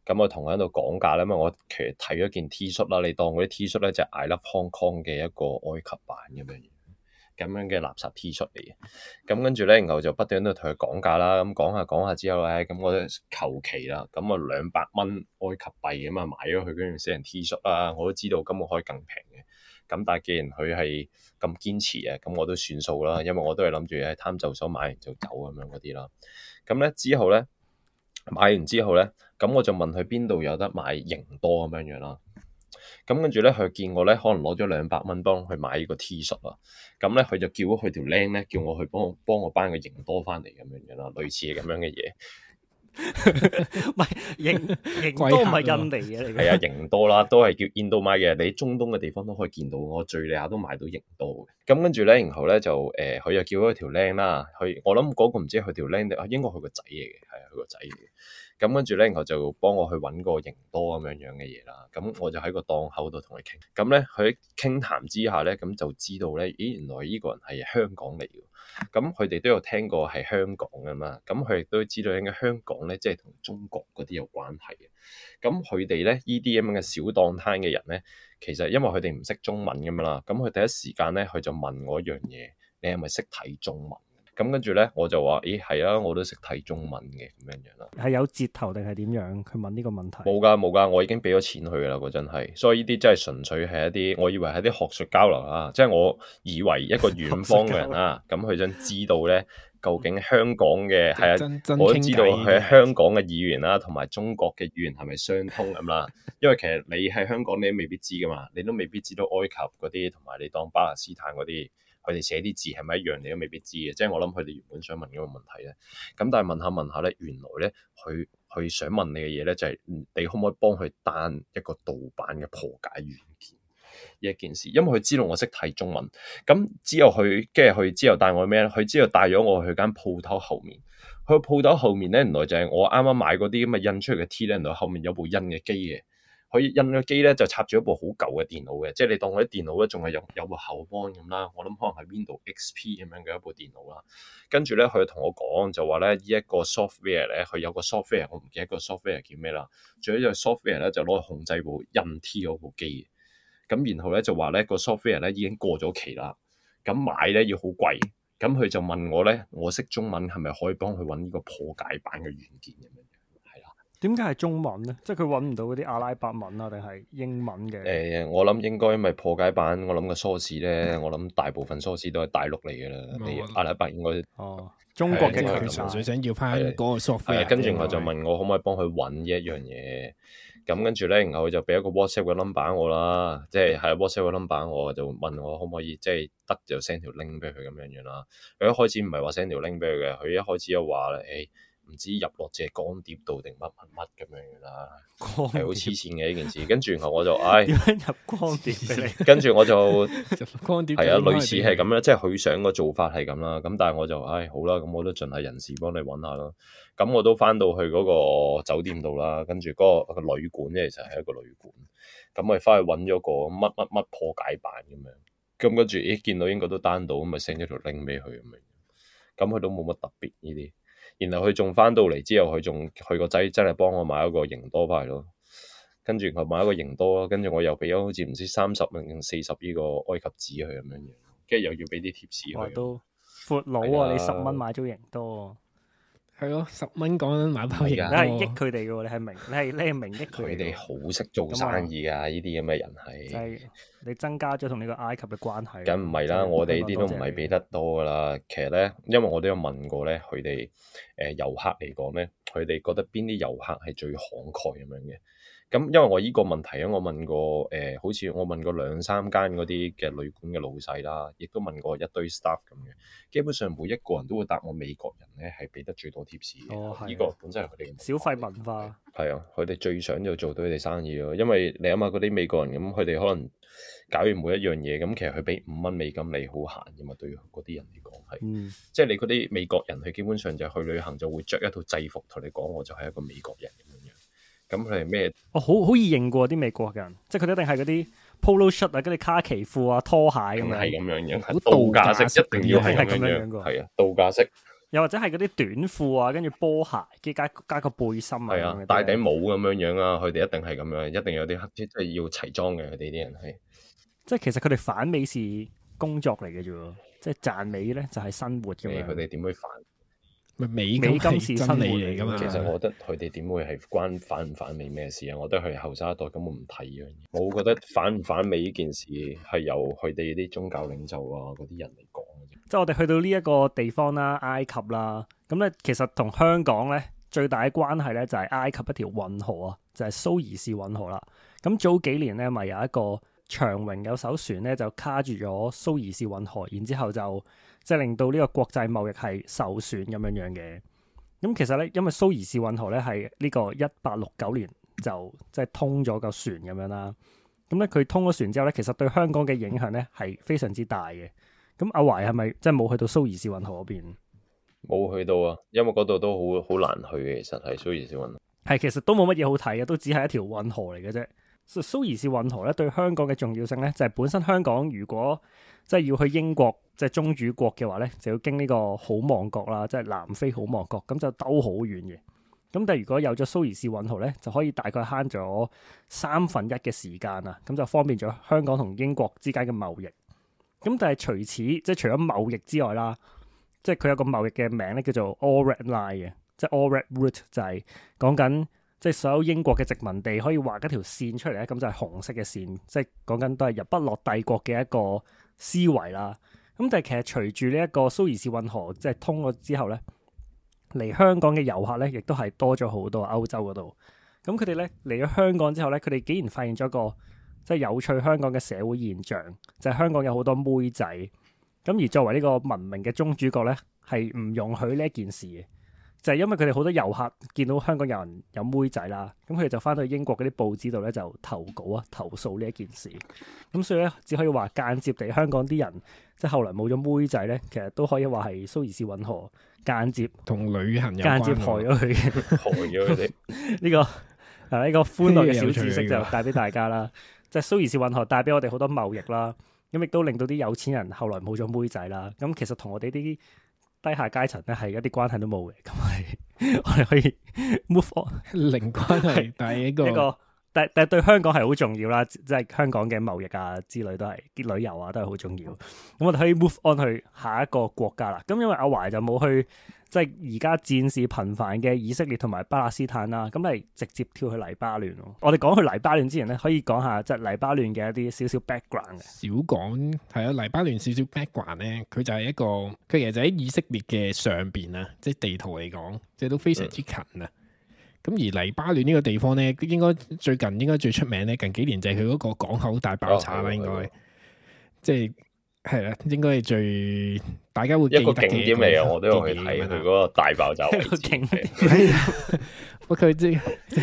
咁我同佢喺度講價啦，因為我其實睇咗件 T 恤啦，你當嗰啲 T 恤咧就係 I Love Hong Kong 嘅一個埃及版咁樣咁樣嘅垃圾 T 恤嚟嘅，咁跟住咧，然後就不斷喺度同佢講價啦，咁講下講下之後咧，咁我求其啦，咁啊兩百蚊埃及幣咁啊買咗佢嗰件死人 T 恤啊，我都知道咁我可以更平嘅，咁但係既然佢係咁堅持啊，咁我都算數啦，因為我都係諗住喺貪就手買完就走咁樣嗰啲啦。咁咧之後咧買完之後咧，咁我就問佢邊度有得買型多咁樣樣啦。咁跟住咧，佢見我咧，可能攞咗兩百蚊幫去買呢個 T 恤啊。咁咧，佢就叫咗佢條僆咧，叫我去幫幫我，我班嘅型多翻嚟咁樣嘅啦，類似嘅咁樣嘅嘢。唔係型型多唔係印尼嘅嚟，係 <laughs> 啊型多啦，都係叫 Indo 買嘅。你喺中東嘅地方都可以見到我，我最靚下都買到型多，咁跟住咧，然後咧就誒，佢、呃、又叫咗條僆啦。佢我諗嗰個唔知佢條僆，應該係個仔嚟嘅，係啊，佢個仔嚟嘅。咁跟住咧，然後就幫我去揾個型多咁樣樣嘅嘢啦。咁我就喺個檔口度同佢傾。咁咧，佢喺傾談之下咧，咁就知道咧，咦，原來呢個人係香港嚟嘅。咁佢哋都有聽過係香港㗎嘛。咁佢亦都知道應該香港咧，即係同中國嗰啲有關係嘅。咁佢哋咧，呢啲咁樣嘅小檔攤嘅人咧，其實因為佢哋唔識中文㗎嘛啦。咁佢第一時間咧，佢就問我一樣嘢：你係咪識睇中文？咁跟住咧，我就話，咦，係啊，我都識睇中文嘅咁樣樣啦。係有折頭定係點樣？佢問呢個問題。冇㗎，冇㗎，我已經俾咗錢佢㗎啦。嗰陣係，所以呢啲真係純粹係一啲，我以為係啲學術交流啊。即係我以為一個遠方嘅人啊，咁佢 <laughs> 想知道咧，究竟香港嘅係啊，我都知道喺香港嘅語言啦，同埋中國嘅語言係咪相通咁啦？ <laughs> 因為其實你喺香港，你都未必知噶嘛，你都未必知道埃及嗰啲，同埋你當巴勒斯坦嗰啲。佢哋寫啲字係咪一樣，你都未必知嘅。即係我諗佢哋原本想問嗰個問題咧，咁但係問下問下咧，原來咧佢佢想問你嘅嘢咧就係你可唔可以幫佢單一個盜版嘅破解軟件呢一件事，因為佢知道我識睇中文。咁之後佢跟住佢之後帶我咩咧，佢之後帶咗我去間鋪頭後面，佢鋪頭後面咧，原來就係我啱啱買嗰啲咁嘅印出嚟嘅 T 咧，原來後面有部印嘅機嘅。佢印咗機咧就插住一部好舊嘅電腦嘅，即係你當佢啲電腦咧仲係有有個後方咁啦，我諗可能係 Windows XP 咁樣嘅一部電腦啦。呢跟住咧，佢同我講就話咧呢一、這個 software 咧，佢有個 software 我唔記得個 software 叫咩啦，仲有一個 software 咧就攞嚟控制部印 T 嗰部機嘅。咁然後咧就話咧個 software 咧已經過咗期啦，咁買咧要好貴。咁佢就問我咧，我識中文係咪可以幫佢揾呢個破解版嘅軟件？點解係中文咧？即係佢揾唔到嗰啲阿拉伯文啊，定係英文嘅？誒，我諗應該咪破解版。我諗個 source 咧，我諗大部分 source 都係大陸嚟嘅啦。你阿拉伯應該哦，中國嘅純粹想要翻嗰個 source。跟住我就問我可唔可以幫佢揾呢一樣嘢？咁跟住咧，然後佢就俾一個 WhatsApp 嘅 number 我啦，即係喺 WhatsApp 嘅 number，我就問我可唔可以即係得就 send 條 link 俾佢咁樣樣啦。佢一開始唔係話 send 條 link 俾佢嘅，佢一開始又話咧誒。唔知入落隻光碟度定乜乜乜咁樣噶啦，係好黐線嘅呢件事。跟住然後我就，唉，點樣入光碟？跟住我就入光碟，係啊，類似係咁啦， <laughs> 即係佢想個做法係咁啦。咁但係我就，唉，好啦，咁我都盡係人事幫你揾下咯。咁我都翻到去嗰個酒店度啦，跟住嗰個旅館咧，其實係一個旅館。咁咪翻去揾咗個乜乜乜破解版咁樣，咁跟住咦見到應該都 down 到咁，咪 send 咗條 link 俾佢咁樣。咁佢都冇乜特別呢啲。然後佢仲返到嚟之後，佢仲佢個仔真係幫我買咗個型多牌咯，跟住佢後買咗個型多咯，跟住我又畀咗好似唔知三十定四十呢個埃及紙佢咁樣嘅，跟住又要畀啲貼士。佢、哦。都闊佬啊！哎、呀你十蚊買咗型多、啊。係咯、哦，十蚊講緊買包，而家，你係益佢哋嘅喎，你係明，你係叻明益佢哋。佢哋好識做生意㗎，呢啲咁嘅人係、嗯。就係、你增加咗同呢個埃及嘅關係。梗唔係啦，我哋呢啲都唔係俾得多㗎啦。其實咧，因為我都有問過咧，佢哋誒遊客嚟講咧，佢哋覺得邊啲遊客係最慷慨咁樣嘅。咁因為我呢個問題咧，我問過誒、呃，好似我問過兩三間嗰啲嘅旅館嘅老細啦，亦都問過一堆 staff 咁樣，基本上每一個人都會答我美國人咧，係俾得最多貼士嘅。哦，係，呢個本身係佢哋小費文化。係啊，佢哋最想就做到佢哋生意咯。因為你諗下嗰啲美國人咁，佢哋可能搞完每一樣嘢咁，其實佢俾五蚊美金你好閒嘅嘛。對嗰啲人嚟講係，嗯、即係你嗰啲美國人，佢基本上就去旅行就會着一套制服，同你講我就係一個美國人。咁佢係咩？我好好易認過啲美國人，即係佢哋一定係嗰啲 polo shirt 啊，嗰啲卡其褲啊，拖鞋咁樣。咁係咁樣樣，係度假式，一定要係咁樣樣。係啊，度假式。又或者係嗰啲短褲啊，跟住波鞋，跟加加個背心啊咁、啊、些樣。戴頂帽咁樣樣啊，佢哋一定係咁樣，一定有啲黑、就是、即係要齊裝嘅，佢哋啲人係。即係其實佢哋反美係工作嚟嘅啫，即係賺美呢就係、是、生活。誒，佢哋點會反？咪美金是真理嚟嘢嚟噶嘛？其實我覺得佢哋點會係關反唔反美咩事啊？的我覺得佢後生一代根本唔睇依樣嘢。我覺得反唔反美呢件事係由佢哋啲宗教領袖啊嗰啲人嚟講嘅啫。即係我哋去到呢一個地方啦，埃及啦，咁咧其實同香港咧最大嘅關係咧就係埃及一條運河啊，就係、是、蘇伊士運河啦。咁早幾年咧咪有一個長榮有艘船咧就卡住咗蘇伊士運河，然之後就～即係令到呢個國際貿易係受損咁樣樣嘅。咁其實咧，因為蘇伊士運河咧係呢個一八六九年就即係、就係、通咗個船咁樣啦。咁咧佢通咗船之後咧，其實對香港嘅影響咧係非常之大嘅。咁阿懷係咪即係冇去到蘇伊士運河嗰邊？冇去到啊，因為嗰度都好好難去嘅。其實係蘇伊士運河係其實都冇乜嘢好睇嘅，都只係一條運河嚟嘅啫。蘇伊士運河咧對香港嘅重要性咧，就係本身香港如果即係要去英國即係宗主國嘅話咧，就要經呢個好望角啦，即係南非好望角，咁就兜好遠嘅。咁但係如果有咗蘇伊士運河咧，就可以大概慳咗三分一嘅時間啦，咁就方便咗香港同英國之間嘅貿易。咁但係除此即係除咗貿易之外啦，即係佢有個貿易嘅名咧叫做 All Red Line 嘅，即係 All Red Root 就係講緊。即係所有英國嘅殖民地可以畫一條線出嚟咧，咁就係紅色嘅線，即係講緊都係日不落帝國嘅一個思維啦。咁但係其實隨住呢一個蘇伊士運河即係通咗之後咧，嚟香港嘅遊客咧，亦都係多咗好多歐洲嗰度。咁佢哋咧嚟咗香港之後咧，佢哋竟然發現咗一個即係有趣香港嘅社會現象，就係香港有好多妹仔。咁而作為呢個文明嘅宗主角咧，係唔容許呢一件事嘅。就係因為佢哋好多遊客見到香港有人有妹仔啦，咁佢哋就翻到去英國嗰啲報紙度咧就投稿啊投訴呢一件事，咁所以咧只可以話間接地香港啲人即係後來冇咗妹仔咧，其實都可以話係蘇伊士運河間接同旅行人間接害咗佢，嘅害咗佢哋。呢個啊呢個歡樂嘅小知識就帶俾大家啦，即係 <laughs> 蘇伊士運河帶俾我哋好多貿易啦，咁亦都令到啲有錢人後來冇咗妹仔啦，咁其實同我哋啲。低下階層咧係一啲關係都冇嘅，咁係我哋可以 move on 零關係，但係呢個一個但但係對香港係好重要啦，即係香港嘅貿易啊之類都係啲旅遊啊都係好重要，咁我哋可以 move on 去下一個國家啦，咁因為阿懷就冇去。即係而家戰事頻繁嘅以色列同埋巴勒斯坦啦，咁咪直接跳去黎巴嫩咯。我哋講去黎巴嫩之前咧，可以講下即係黎巴嫩嘅一啲少少 background 嘅。少講係啊，黎巴嫩少少 background 咧，佢就係一個，佢其實就喺以色列嘅上邊啊，即係地圖嚟講，即係都非常之近啊。咁、嗯、而黎巴嫩呢個地方咧，應該最近應該最出名咧，近幾年就係佢嗰個港口大爆炸啦，哦哦哦、應該即係。哦哦係啦，應該係最大家會覺得一個景點嚟嘅，我都有去睇佢嗰個大爆炸一個景點。 <laughs> <laughs> <laughs> 佢知， <laughs> 其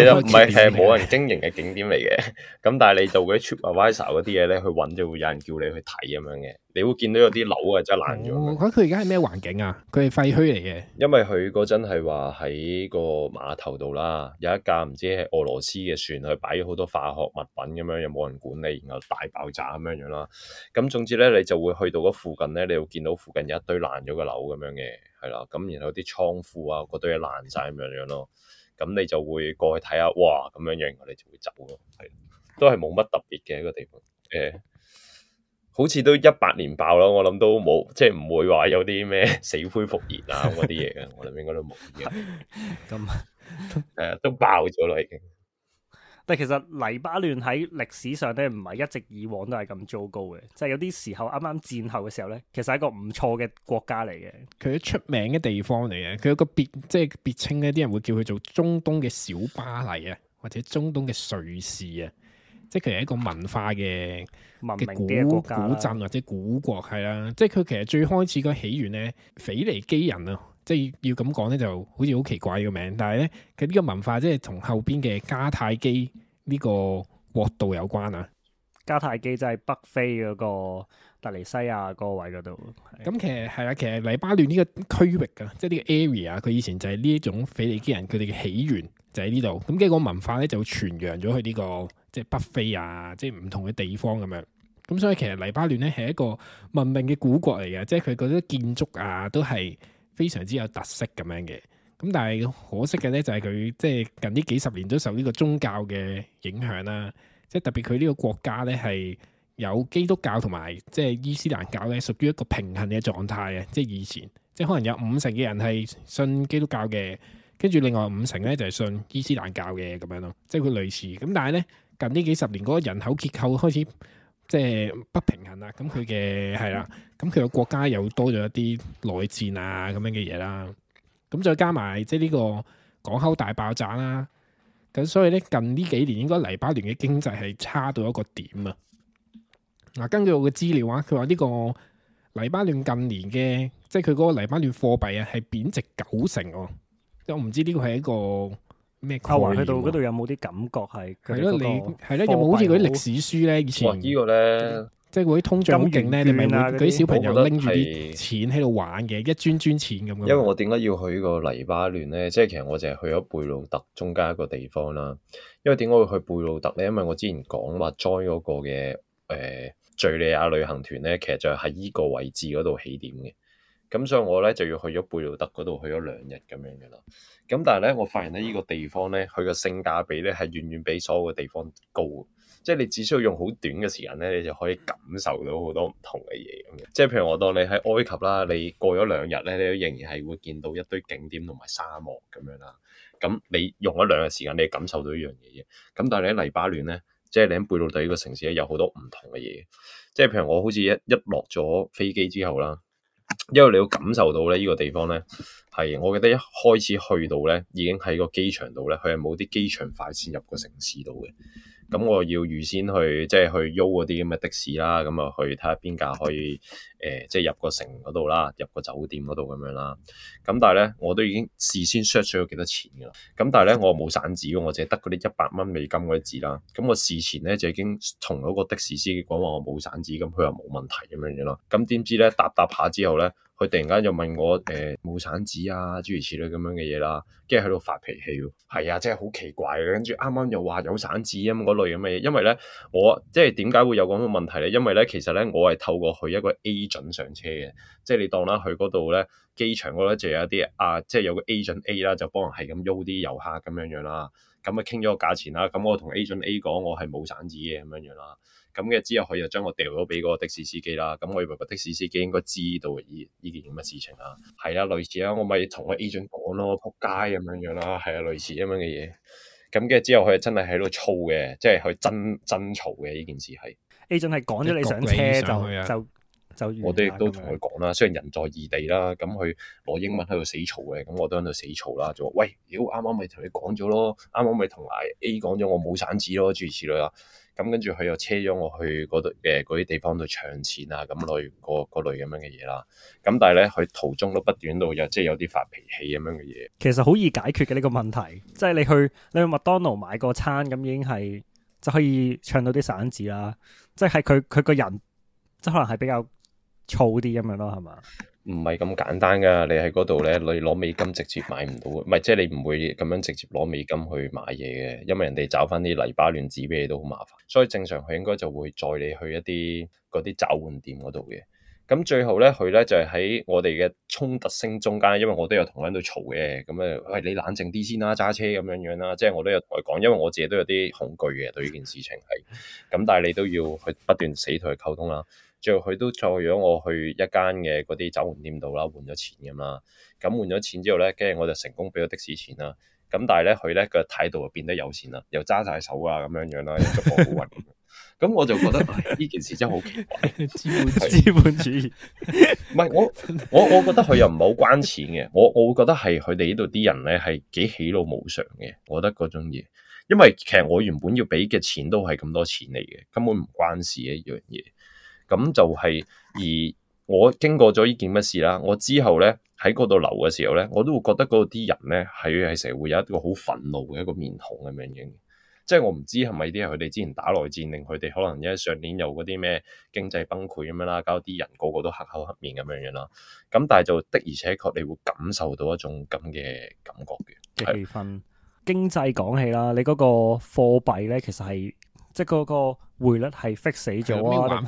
實唔係，係冇人經營嘅景點嚟嘅。咁 <laughs> 但係你到嗰啲 TripAdvisor 嗰啲嘢咧，去揾就會有人叫你去睇咁樣嘅。你會見到有啲樓啊，真係爛咗。我覺得佢而家係咩環境啊？佢係廢墟嚟嘅。因為佢嗰陣係話喺個碼頭度啦，有一架唔知係俄羅斯嘅船，去擺咗好多化學物品咁樣，又冇人管理，然後大爆炸咁樣樣啦。咁總之咧，你就會去到嗰附近咧，你會見到附近有一堆爛咗嘅樓咁樣嘅。係啦，咁然後啲倉庫啊，嗰堆嘢爛晒咁樣樣咯，咁你就會過去睇下，哇咁樣樣，佢哋就會走咯，係都係冇乜特別嘅一個地方，誒、呃，好似都一百年爆咯，我諗都冇，即係唔會話有啲咩死灰復燃啊嗰啲嘢嘅，我諗應該都冇嘅，咁誒都爆咗咯已經。但其實黎巴嫩喺歷史上咧唔係一直以往都係咁糟糕嘅，即係有啲時候啱啱戰後嘅時候咧，其實係一個唔錯嘅國家嚟嘅，佢出名嘅地方嚟嘅，佢有個別即係別稱咧，啲人會叫佢做中東嘅小巴黎啊，或者中東嘅瑞士啊，即係其實一個文化嘅文明嘅古古鎮或者古國係啦，即係佢其實最開始個起源咧，腓尼基人啊。即係要咁講咧，就好似好奇怪嘅名。但係咧，佢呢個文化即係同後邊嘅迦太基呢個國度有關啊。迦太基就係北非嗰、嗰個突尼西亞嗰個位嗰度。咁、嗯嗯嗯、其實係啊，其實黎巴嫩呢個區域啊，即係呢個 area，啊，佢以前就係呢一種腓尼基人佢哋嘅起源就喺呢度。咁跟住個文化咧就傳揚咗去呢、呢個即係北非啊，即係唔同嘅地方咁樣。咁、嗯、所以其實黎巴嫩咧係一個文明嘅古國嚟嘅，即係佢嗰啲建築啊都係。非常之有特色咁樣嘅，咁但係可惜嘅呢，就係佢即係近呢幾十年都受呢個宗教嘅影響啦，即係特別佢呢個國家呢，係有基督教同埋即係伊斯蘭教呢屬於一個平衡嘅狀態嘅，即係以前即係可能有五成嘅人係信基督教嘅，跟住另外五成呢，就係信伊斯蘭教嘅咁樣咯，即係佢類似咁，但係呢，近呢幾十年嗰個人口結構開始。即係不平衡啦，咁佢嘅係啦，咁佢個國家又多咗一啲內戰啊咁樣嘅嘢啦，咁、嗯、再加埋即係呢個港口大爆炸啦、啊，咁所以呢，近呢幾年應該黎巴嫩嘅經濟係差到一個點啊。嗱、啊，根據我嘅資料啊，佢話呢個黎巴嫩近年嘅即係佢嗰個黎巴嫩貨幣啊係貶值九成哦、啊，我、嗯、唔知呢個係一個。咩？跨環、哦、去到嗰度有冇啲感覺係？係咯，你係咯，有冇好似嗰啲歷史書咧？以前、這個、呢個咧，即係嗰啲通脹好勁咧、啊，你咪會嗰啲小朋友拎住啲錢喺度玩嘅，一磚磚錢咁樣。因為我點解要去呢個黎巴嫩咧？即係其實我淨係去咗貝魯特中間一個地方啦。因為點解要去貝魯特咧？因為我之前講話 join 嗰個嘅誒敍利亞旅行團咧，其實就喺呢個位置嗰度起點嘅。咁所以，我咧就要去咗貝魯特嗰度，去咗兩日咁樣嘅啦。咁但係咧，我發現咧，呢個地方咧，佢個性價比咧係遠遠比所有嘅地方高。即係你只需要用好短嘅時間咧，你就可以感受到好多唔同嘅嘢咁嘅。即係譬如我當你喺埃及啦，你過咗兩日咧，你仍然係會見到一堆景點同埋沙漠咁樣啦。咁你用咗兩日時間，你感受到一樣嘢嘅。咁但係你喺黎巴嫩咧，即係你喺貝魯特呢個城市咧，有好多唔同嘅嘢。即係譬如我好似一一落咗飛機之後啦。因為你要感受到咧，呢個地方咧係，我記得一開始去到咧，已經喺個機場度咧，佢係冇啲機場快線入個城市度嘅。咁我要預先去即係、就是、去邀嗰啲咁嘅的士啦，咁啊去睇下邊架可以誒，即、呃、係、就是、入個城嗰度啦，入個酒店嗰度咁樣啦。咁但係咧，我都已經事先 search 咗幾多錢㗎啦。咁但係咧，我冇散紙㗎，我淨係得嗰啲一百蚊美金嗰啲紙啦。咁我事前咧就已經同嗰個的士司機講話我冇散紙，咁佢又冇問題咁樣樣咯。咁點知咧搭搭下之後咧，佢突然間又問我，誒冇散紙啊，諸如此類咁樣嘅嘢啦，跟住喺度發脾氣喎，係啊，真係好奇怪嘅。跟住啱啱又話有散紙啊，咁嗰類咁嘅嘢。因為咧，我即係點解會有咁嘅問題咧？因為咧，其實咧，我係透過去一個 agent 上車嘅，即係你當啦，去嗰度咧機場嗰度就有一啲啊，即係有個 agent A 啦，就幫人係咁喐啲遊客咁樣樣啦，咁啊傾咗個價錢啦，咁我同 agent A 講我係冇散紙嘅咁樣樣啦。咁嘅之後，佢就將我掉咗俾嗰個的士司機啦。咁、嗯、我以為個的士司機應該知道呢呢件咁嘅事情啊。係啊，類似啊，我咪同個 Agent 講咯，仆街咁樣樣啦。係啊，類似咁樣嘅嘢。咁、嗯、嘅之後，佢真係喺度嘈嘅，即係佢爭爭嘈嘅呢件事係。Agent 係講咗你上車就就就，就就就我哋亦都同佢講啦。雖然人在異地啦，咁佢攞英文喺度死嘈嘅，咁我都喺度死嘈啦。就話喂，妖啱啱咪同你講咗咯，啱啱咪同埋 A 講咗我冇散紙咯，諸如此類啊。咁跟住佢又車咗我去嗰度嘅啲地方度唱錢啊，咁類個類咁樣嘅嘢啦。咁但係咧，佢途中都不斷度有，即係有啲發脾氣咁樣嘅嘢。其實好易解決嘅呢個問題，即係你去你去麥當勞買個餐，咁已經係就可以唱到啲散紙啦。即係佢佢個人即係可能係比較燥啲咁樣咯，係嘛？ <laughs> 唔係咁簡單噶，你喺嗰度咧，你攞美金直接買唔到，唔係即係你唔會咁樣直接攞美金去買嘢嘅，因為人哋找翻啲黎巴嫩紙俾你都好麻煩，所以正常佢應該就會載你去一啲嗰啲找換店嗰度嘅。咁最後咧，佢咧就係喺我哋嘅衝突聲中間，因為我都有同人度嘈嘅，咁啊，喂，你冷靜啲先啦，揸車咁樣樣啦，即係我都有同佢講，因為我自己都有啲恐懼嘅對呢件事情係，咁但係你都要去不斷死同佢溝通啦。最後佢都再約我去一間嘅嗰啲找換店度啦，換咗錢咁啦。咁換咗錢之後咧，跟住我就成功俾咗的士錢啦。咁但係咧，佢咧個態度就變得友善啦，又揸晒手啊咁樣樣啦，又祝我好運。咁 <laughs> 我就覺得呢件事真係好奇怪。資本資本主義，唔係我我我覺得佢又唔係好關錢嘅。我我會覺得係佢哋呢度啲人咧係幾喜怒無常嘅。我覺得嗰種嘢，因為其實我原本要俾嘅錢都係咁多錢嚟嘅，根本唔關事一樣嘢。咁就係，而我經過咗呢件乜事啦，我之後咧喺嗰度留嘅時候咧，我都會覺得嗰度啲人咧係係成日會有一個好憤怒嘅一個面孔咁樣樣，即係我唔知係咪啲係佢哋之前打內戰令佢哋可能因為上年有嗰啲咩經濟崩潰咁樣啦，搞到啲人個個都黑口黑面咁樣樣啦。咁但係就的而且確你會感受到一種咁嘅感覺嘅氣氛。經濟講起啦，你嗰個貨幣咧其實係。即係嗰個匯率係 fix 死咗啊，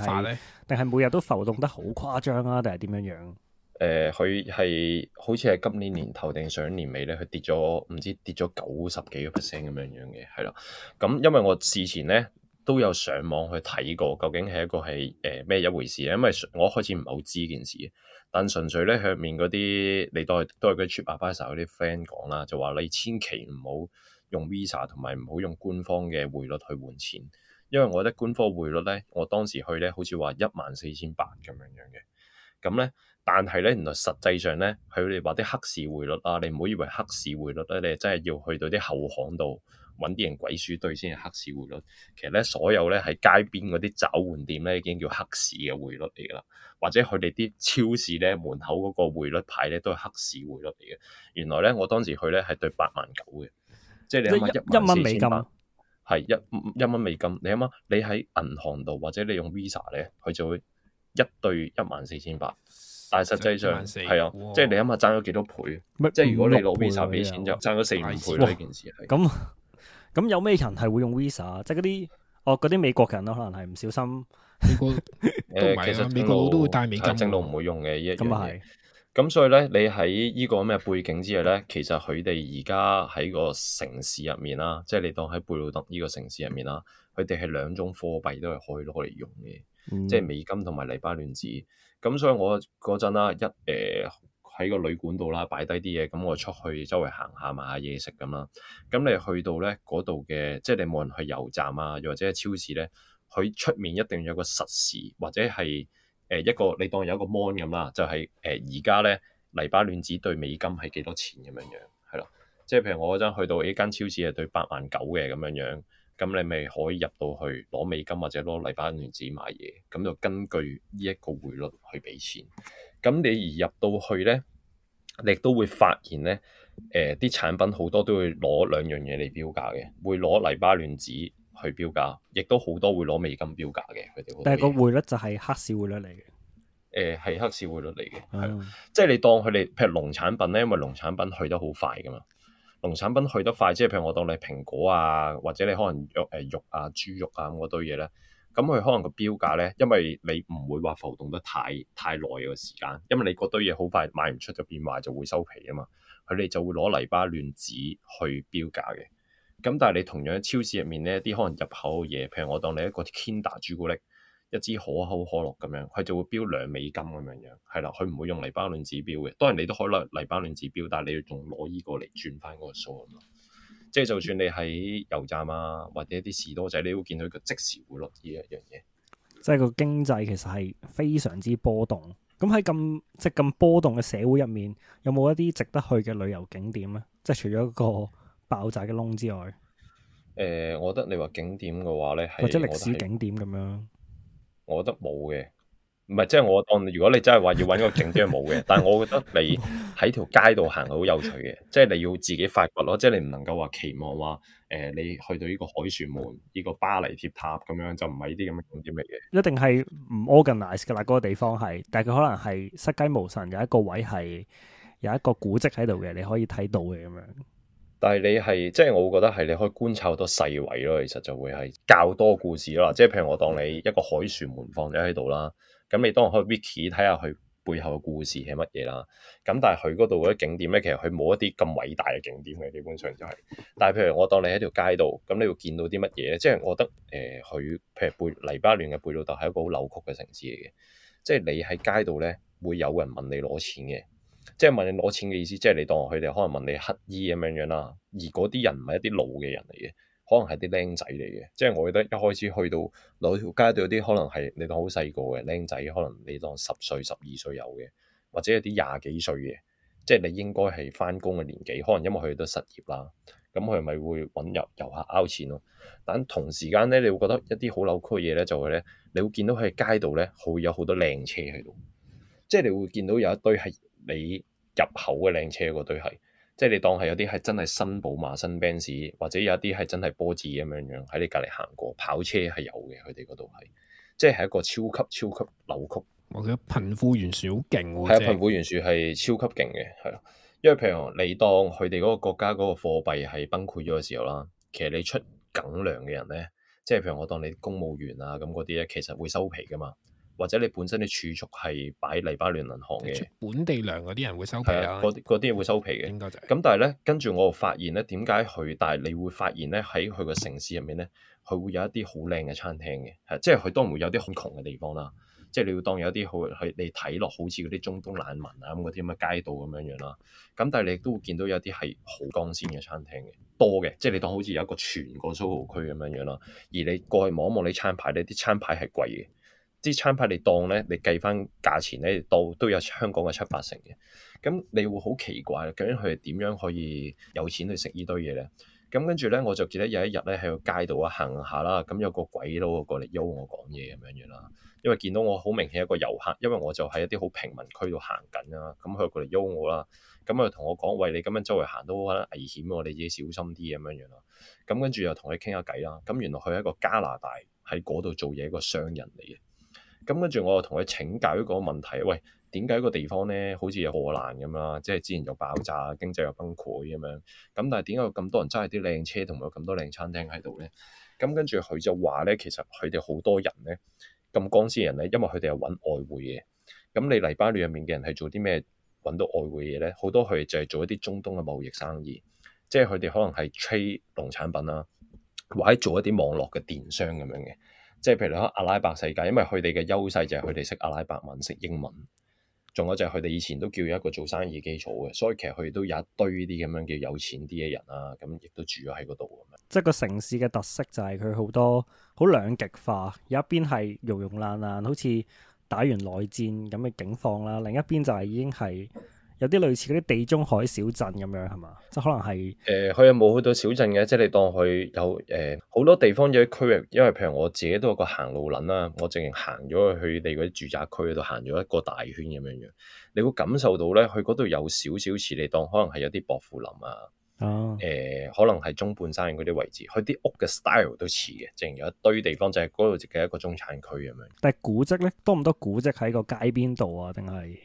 定係每日都浮動得好誇張啊，定係點樣樣？誒、呃，佢係好似喺今年年頭定上年尾咧，佢跌咗唔知跌咗九十幾個 percent 咁樣樣嘅，係啦。咁因為我事前咧都有上網去睇過，究竟係一個係誒咩一回事咧？因為我一開始唔係好知件事，但純粹咧喺入面嗰啲，你都係都係佢 trip advisor 嗰啲 friend 講啦，就話你千祈唔好，用 Visa 同埋唔好用官方嘅匯率去換錢，因為我覺得官方匯率呢，我當時去呢好似話一萬四千八咁樣樣嘅。咁呢，但係呢，原來實際上呢，佢哋話啲黑市匯率啊，你唔好以為黑市匯率呢、啊，你真係要去到啲後巷度揾啲人鬼鼠堆先係黑市匯率。其實呢，所有呢喺街邊嗰啲找換店呢，已經叫黑市嘅匯率嚟㗎啦，或者佢哋啲超市呢，門口嗰個匯率牌呢，都係黑市匯率嚟嘅。原來呢，我當時去呢係兌八萬九嘅。即係你一蚊美金，係一一蚊美金。你諗下，你喺銀行度或者你用 Visa 咧，佢就會一對一萬四千八。但係實際上係啊，即係你諗下，爭咗幾多倍？麼即係如果你攞 Visa 俾錢就爭咗四五倍咯。呢件事係咁咁，有咩人係會用 Visa？即係嗰啲哦，啲美國人咯，可能係唔小心。誒，啊、其實美國佬都會帶美金，啊，正佬唔會用嘅，一樣係。咁所以咧，你喺呢個咩背景之下咧，其實佢哋而家喺個城市入面啦，即係你當喺貝魯特呢個城市入面啦，佢哋係兩種貨幣都係可以攞嚟用嘅，嗯、即係美金同埋黎巴嫩紙。咁所以我嗰陣啦，呃、一誒喺個旅館度啦，擺低啲嘢，咁我出去周圍行下買下嘢食咁啦。咁你去到咧嗰度嘅，即係你冇人去油站啊，又或者係超市咧，佢出面一定有一個實時或者係，誒一個你當有一個 mon 咁啦，就係誒而家咧黎巴嫩紙對美金係幾多錢咁樣樣，係咯？即係譬如我嗰陣去到呢間超市啊，對八萬九嘅咁樣樣，咁你咪可以入到去攞美金或者攞黎巴嫩紙買嘢，咁就根據呢一個匯率去畀錢。咁你而入到去咧，你都會發現咧，誒、呃、啲產品好多都會攞兩樣嘢嚟標價嘅，會攞黎巴嫩紙。去標價，亦都好多會攞美金標價嘅佢哋。但係個匯率就係黑市匯率嚟嘅。誒、呃，係黑市匯率嚟嘅，係 Yeah. 即係你當佢哋譬如農產品咧，因為農產品去得好快㗎嘛。農產品去得快，即係譬如我當你蘋果啊，或者你可能肉誒肉啊、豬肉啊咁嗰堆嘢咧，咁佢可能個標價咧，因為你唔會話浮動得太太耐嘅時間，因為你嗰堆嘢好快賣唔出就變壞就會收皮啊嘛。佢哋就會攞泥巴亂紙去標價嘅。咁但係你同樣喺超市入面咧，啲可能入口嘅嘢，譬如我當你一個 Kinder 朱古力，一支可口可樂咁樣，佢就會標兩美金咁樣樣，係啦，佢唔會用黎巴嫩指標嘅。當然你都可能黎巴嫩指標，但係你要仲攞呢個嚟轉翻嗰個數咁咯。即係就算你喺油站啊，或者一啲士多仔，你都會見到一個即時匯率呢一樣嘢。即係個經濟其實係非常之波動。咁喺咁即係咁波動嘅社會入面，有冇一啲值得去嘅旅遊景點咧？即係除咗一個爆炸嘅窿之外，誒、呃，我覺得你話景點嘅話咧，或者歷史景點咁樣，我覺得冇嘅，唔係即係我當如果你真係話要搵個景點，冇嘅。但係我覺得你喺條街度行好有趣嘅，即係你要自己發掘咯，即係你唔能夠話期望話誒、呃，你去到呢個凱旋門、呢個巴黎鐵塔咁樣，就唔係呢啲咁嘅啲乜嘢。一定係唔 organized 㗎喇，嗰個地方係，但係佢可能係失驚無神有一個位係有一個古蹟喺度嘅，你可以睇到嘅咁樣。但係你係即係我會覺得係你可以觀察好多細位咯，其實就會係較多故事啦。即係譬如我當你一個凱旋門放咗喺度啦，咁你，你當日可以 wiki 睇下佢背後嘅故事係乜嘢啦。咁但係佢嗰度嗰啲景點咧，其實佢冇一啲咁偉大嘅景點嘅，基本上就係、是。但係譬如我當你喺條街度，咁你要見到啲乜嘢咧？即係我覺得誒，佢、呃、譬如貝黎巴嫩嘅貝魯特係一個好扭曲嘅城市嚟嘅，即係你喺街度咧會有人問你攞錢嘅。即係問你攞錢嘅意思，即係你當佢哋可能問你乞衣咁樣樣啦。而嗰啲人唔係一啲老嘅人嚟嘅，可能係啲僆仔嚟嘅。即係我覺得一開始去到嗰條街度有啲可能係你當好細個嘅僆仔，可能你當十歲、十二歲有嘅，或者係啲廿幾歲嘅，即係你應該係翻工嘅年紀。可能因為佢哋都失業啦，咁佢咪會揾入遊客拗錢咯。但同時間咧，你會覺得一啲好扭曲嘅嘢咧，就係咧，你會見到佢喺街度咧，好有好多靚車喺度，即係你會見到有一堆係。你入口嘅靚車嗰堆係，即係你當係有啲係真係新寶馬、新奔馳，或者有啲係真係波子咁樣樣喺你隔籬行過跑車係有嘅，佢哋嗰度係，即係係一個超級超級扭曲。我覺得貧富懸殊好勁。係啊，貧富懸殊係超級勁嘅，係咯。因為譬如你當佢哋嗰個國家嗰個貨幣係崩潰咗嘅時候啦，其實你出梗糧嘅人咧，即係譬如我當你公務員啊咁嗰啲咧，那那其實會收皮噶嘛。或者你本身啲儲蓄係擺黎巴嫩銀行嘅，本地糧嗰啲人會收皮啦，嗰啲嘢會收皮嘅，應該就係咁。咁但係咧，跟住我又發現咧，點解佢？但係你會發現咧，喺佢個城市入面咧，佢會有一啲好靚嘅餐廳嘅，係即係佢當然會有啲好窮嘅地方啦，即係你要當有啲好係你睇落好似嗰啲中東難民啊咁嗰啲咁嘅街道咁樣樣啦。咁但係你都會見到有啲係好光鮮嘅餐廳嘅，多嘅，即係你當好似有一個全個蘇豪區咁樣樣啦。而你過去望一望，你餐牌，你啲餐牌係貴嘅。啲餐牌你當咧，你計翻價錢咧，到都有香港嘅七八成嘅。咁你會好奇怪，究竟佢係點樣可以有錢去食呢堆嘢咧？咁跟住咧，我就記得有一日咧喺個街度啊行下啦。咁、嗯、有個鬼佬過嚟邀我講嘢咁樣樣啦，因為見到我好明顯一個遊客，因為我就喺一啲好平民區度行緊啊。咁、嗯、佢過嚟邀我啦，咁佢同我講：喂，你咁樣周圍行都可能危險喎，你自己小心啲咁樣樣囉。咁、嗯、跟住又同你傾下偈啦。咁、嗯、原來佢係一個加拿大喺嗰度做嘢個商人嚟嘅。咁跟住我又同佢請教一個問題，喂，點解個地方咧好似有荷蘭咁啦，即係之前又爆炸，經濟又崩潰咁樣，咁但係點解有咁多人揸一啲靚車同埋有咁多靚餐廳喺度咧？咁跟住佢就話咧，其實佢哋好多人咧，咁光鮮人咧，因為佢哋係揾外匯嘅。咁你黎巴嫩入面嘅人係做啲咩揾到外匯嘢咧？好多佢就係做一啲中東嘅貿易生意，即係佢哋可能係 trade 農產品啦、啊，或者做一啲網絡嘅電商咁樣嘅。即係譬如你睇阿拉伯世界，因為佢哋嘅優勢就係佢哋識阿拉伯文、識英文，仲有就係佢哋以前都叫一個做生意基礎嘅，所以其實佢哋都有一堆啲咁樣叫有錢啲嘅人啊，咁亦都住咗喺嗰度咁樣。即係個城市嘅特色就係佢好多好兩極化，有一邊係融融爛爛，好似打完內戰咁嘅境況啦，另一邊就係已經係。有啲類似嗰啲地中海小鎮咁樣係嘛？即係可能係誒，佢、呃、又冇去到小鎮嘅，即係你當佢有誒好、呃、多地方有啲區域，因為譬如我自己都有個行路撚啦，我淨係行咗去佢哋嗰啲住宅區度行咗一個大圈咁樣樣，你會感受到咧，佢嗰度有少少似你當可能係有啲薄扶林啊，誒、呃，可能係中半山嗰啲位置，佢啲屋嘅 style 都似嘅，淨有一堆地方就係嗰度嘅一個中產區咁樣。但係古跡咧多唔多？古跡喺個街邊度啊，定係？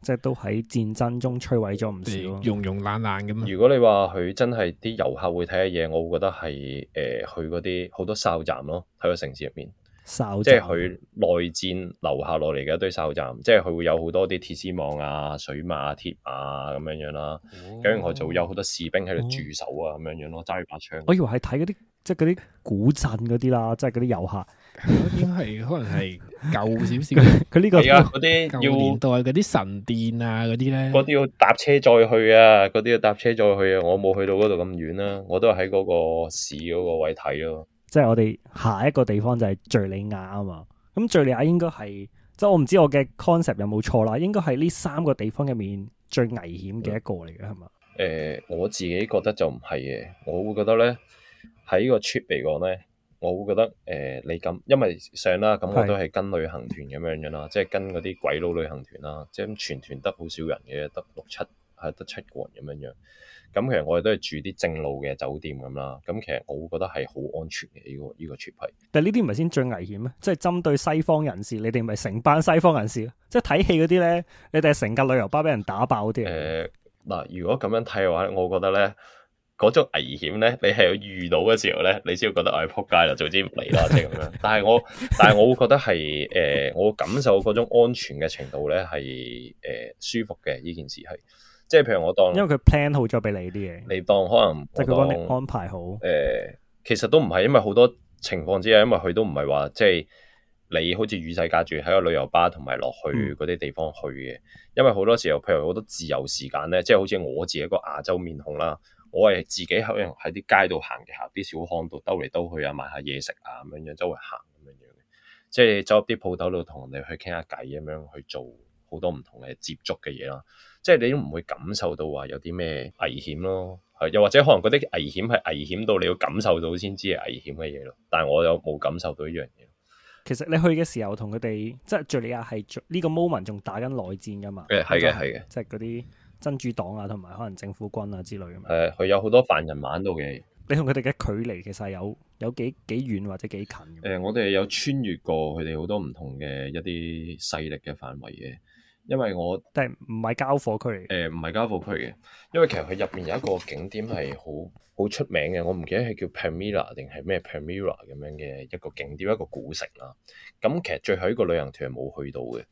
即係都喺戰爭中摧毀咗唔少，啊，融融爛爛咁。如果你話佢真係啲遊客會睇嘅嘢，我會覺得係誒、呃、去嗰啲好多哨站咯，喺個城市入面。哨站即係佢內戰留下落嚟嘅一堆哨站，即係佢會有好多啲鐵絲網啊、水馬鐵馬啊咁樣樣、啊、啦，跟住我就會有好多士兵喺度駐守啊咁、哦、樣樣、啊、咯，揸住把槍。我以為係睇嗰啲即係嗰啲古鎮嗰啲啦，即係嗰啲遊客。應該係可能係舊少少，佢呢、 <laughs> 這個而家嗰啲年代嗰啲神殿啊，嗰啲咧，嗰啲要搭車再去啊，嗰啲要搭車再去啊，我冇去到嗰度咁遠啦，我都係喺嗰個市嗰個位睇咯、啊。即係我哋下一個地方就係敘利亞啊嘛，咁敘利亞應該係即係我唔知我嘅 concept 有冇錯啦，應該係呢三個地方入面最危險嘅一個嚟嘅係嘛？誒、嗯吧呃，我自己覺得就唔係嘅，我會覺得咧喺個 trip 嚟講咧。我會覺得誒、呃，你咁，因為上啦，咁我都係跟旅行團咁樣樣啦，是即係跟嗰啲鬼佬旅行團啦，即係全團得好少人嘅，得六七係得七個人咁樣樣。咁其實我哋都係住啲正路嘅酒店咁啦。咁其實我會覺得係好安全嘅呢、呢個呢、呢個 trip。但係呢啲唔係先最危險咩？即係針對西方人士，你哋唔係成班西方人士，即係睇戲嗰啲咧，你哋係成架旅遊巴俾人打爆啲。誒、呃，嗱、呃，如果咁樣睇嘅話，我覺得咧。嗰種危險咧，你係有遇到嘅時候咧，你先會覺得唉，撲街啦，早知唔嚟啦，即係咁樣。 <laughs> 但係我，但係我會覺得係誒、呃，我感受嗰種安全嘅程度咧，係誒、呃、舒服嘅。呢件事係，即係譬如我當，因為佢 plan 好咗俾你啲嘢，你當可能即係佢幫你安排好。誒、呃，其實都唔係，因為好多情況之下，因為佢都唔係話即係你好似與世隔絕喺個旅遊巴同埋落去嗰啲地方去嘅。嗯、因為好多時候，譬如好多自由時間咧，即係好似我自己一個亞洲面孔啦。我係自己喺喺啲街度行行啲小巷度兜嚟兜去啊，買下嘢食啊咁樣樣，周圍行咁樣樣嘅，即係走入啲鋪頭度同人哋去傾下偈咁樣去做好多唔同嘅接觸嘅嘢咯。即係你都唔會感受到話有啲咩危險咯，又或者可能嗰啲危險係危險到你要感受到先知係危險嘅嘢咯。但係我又冇感受到一樣嘢。其實你去嘅時候同佢哋，即係敘利亞係呢個 moment 仲打緊內戰噶嘛？誒，係嘅，係嘅，即係嗰啲。珍珠黨啊，同埋可能政府軍啊之類咁樣。誒、呃，佢有好多凡人玩到嘅。你同佢哋嘅距離其實係有有幾幾遠或者幾近？誒、呃，我哋有穿越過佢哋好多唔同嘅一啲勢力嘅範圍嘅，因為我。係唔係交火區嚟？誒、呃，唔係交火區嘅，因為其實佢入面有一個景點係好好出名嘅，我唔記得係叫 Palmyra 定係咩 Palmyra 咁樣嘅一個景點，一個古城啦。咁其實最後一個旅行團係冇去到嘅。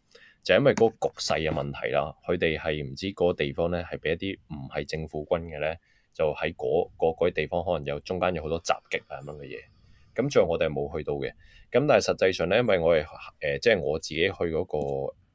就因為嗰局勢嘅問題啦，佢哋係唔知嗰個地方咧係俾一啲唔係政府軍嘅咧，就喺嗰嗰地方可能有中間有好多襲擊啊咁樣嘅嘢。咁最後我哋冇去到嘅。咁但係實際上咧，因為我係誒即係我自己去嗰個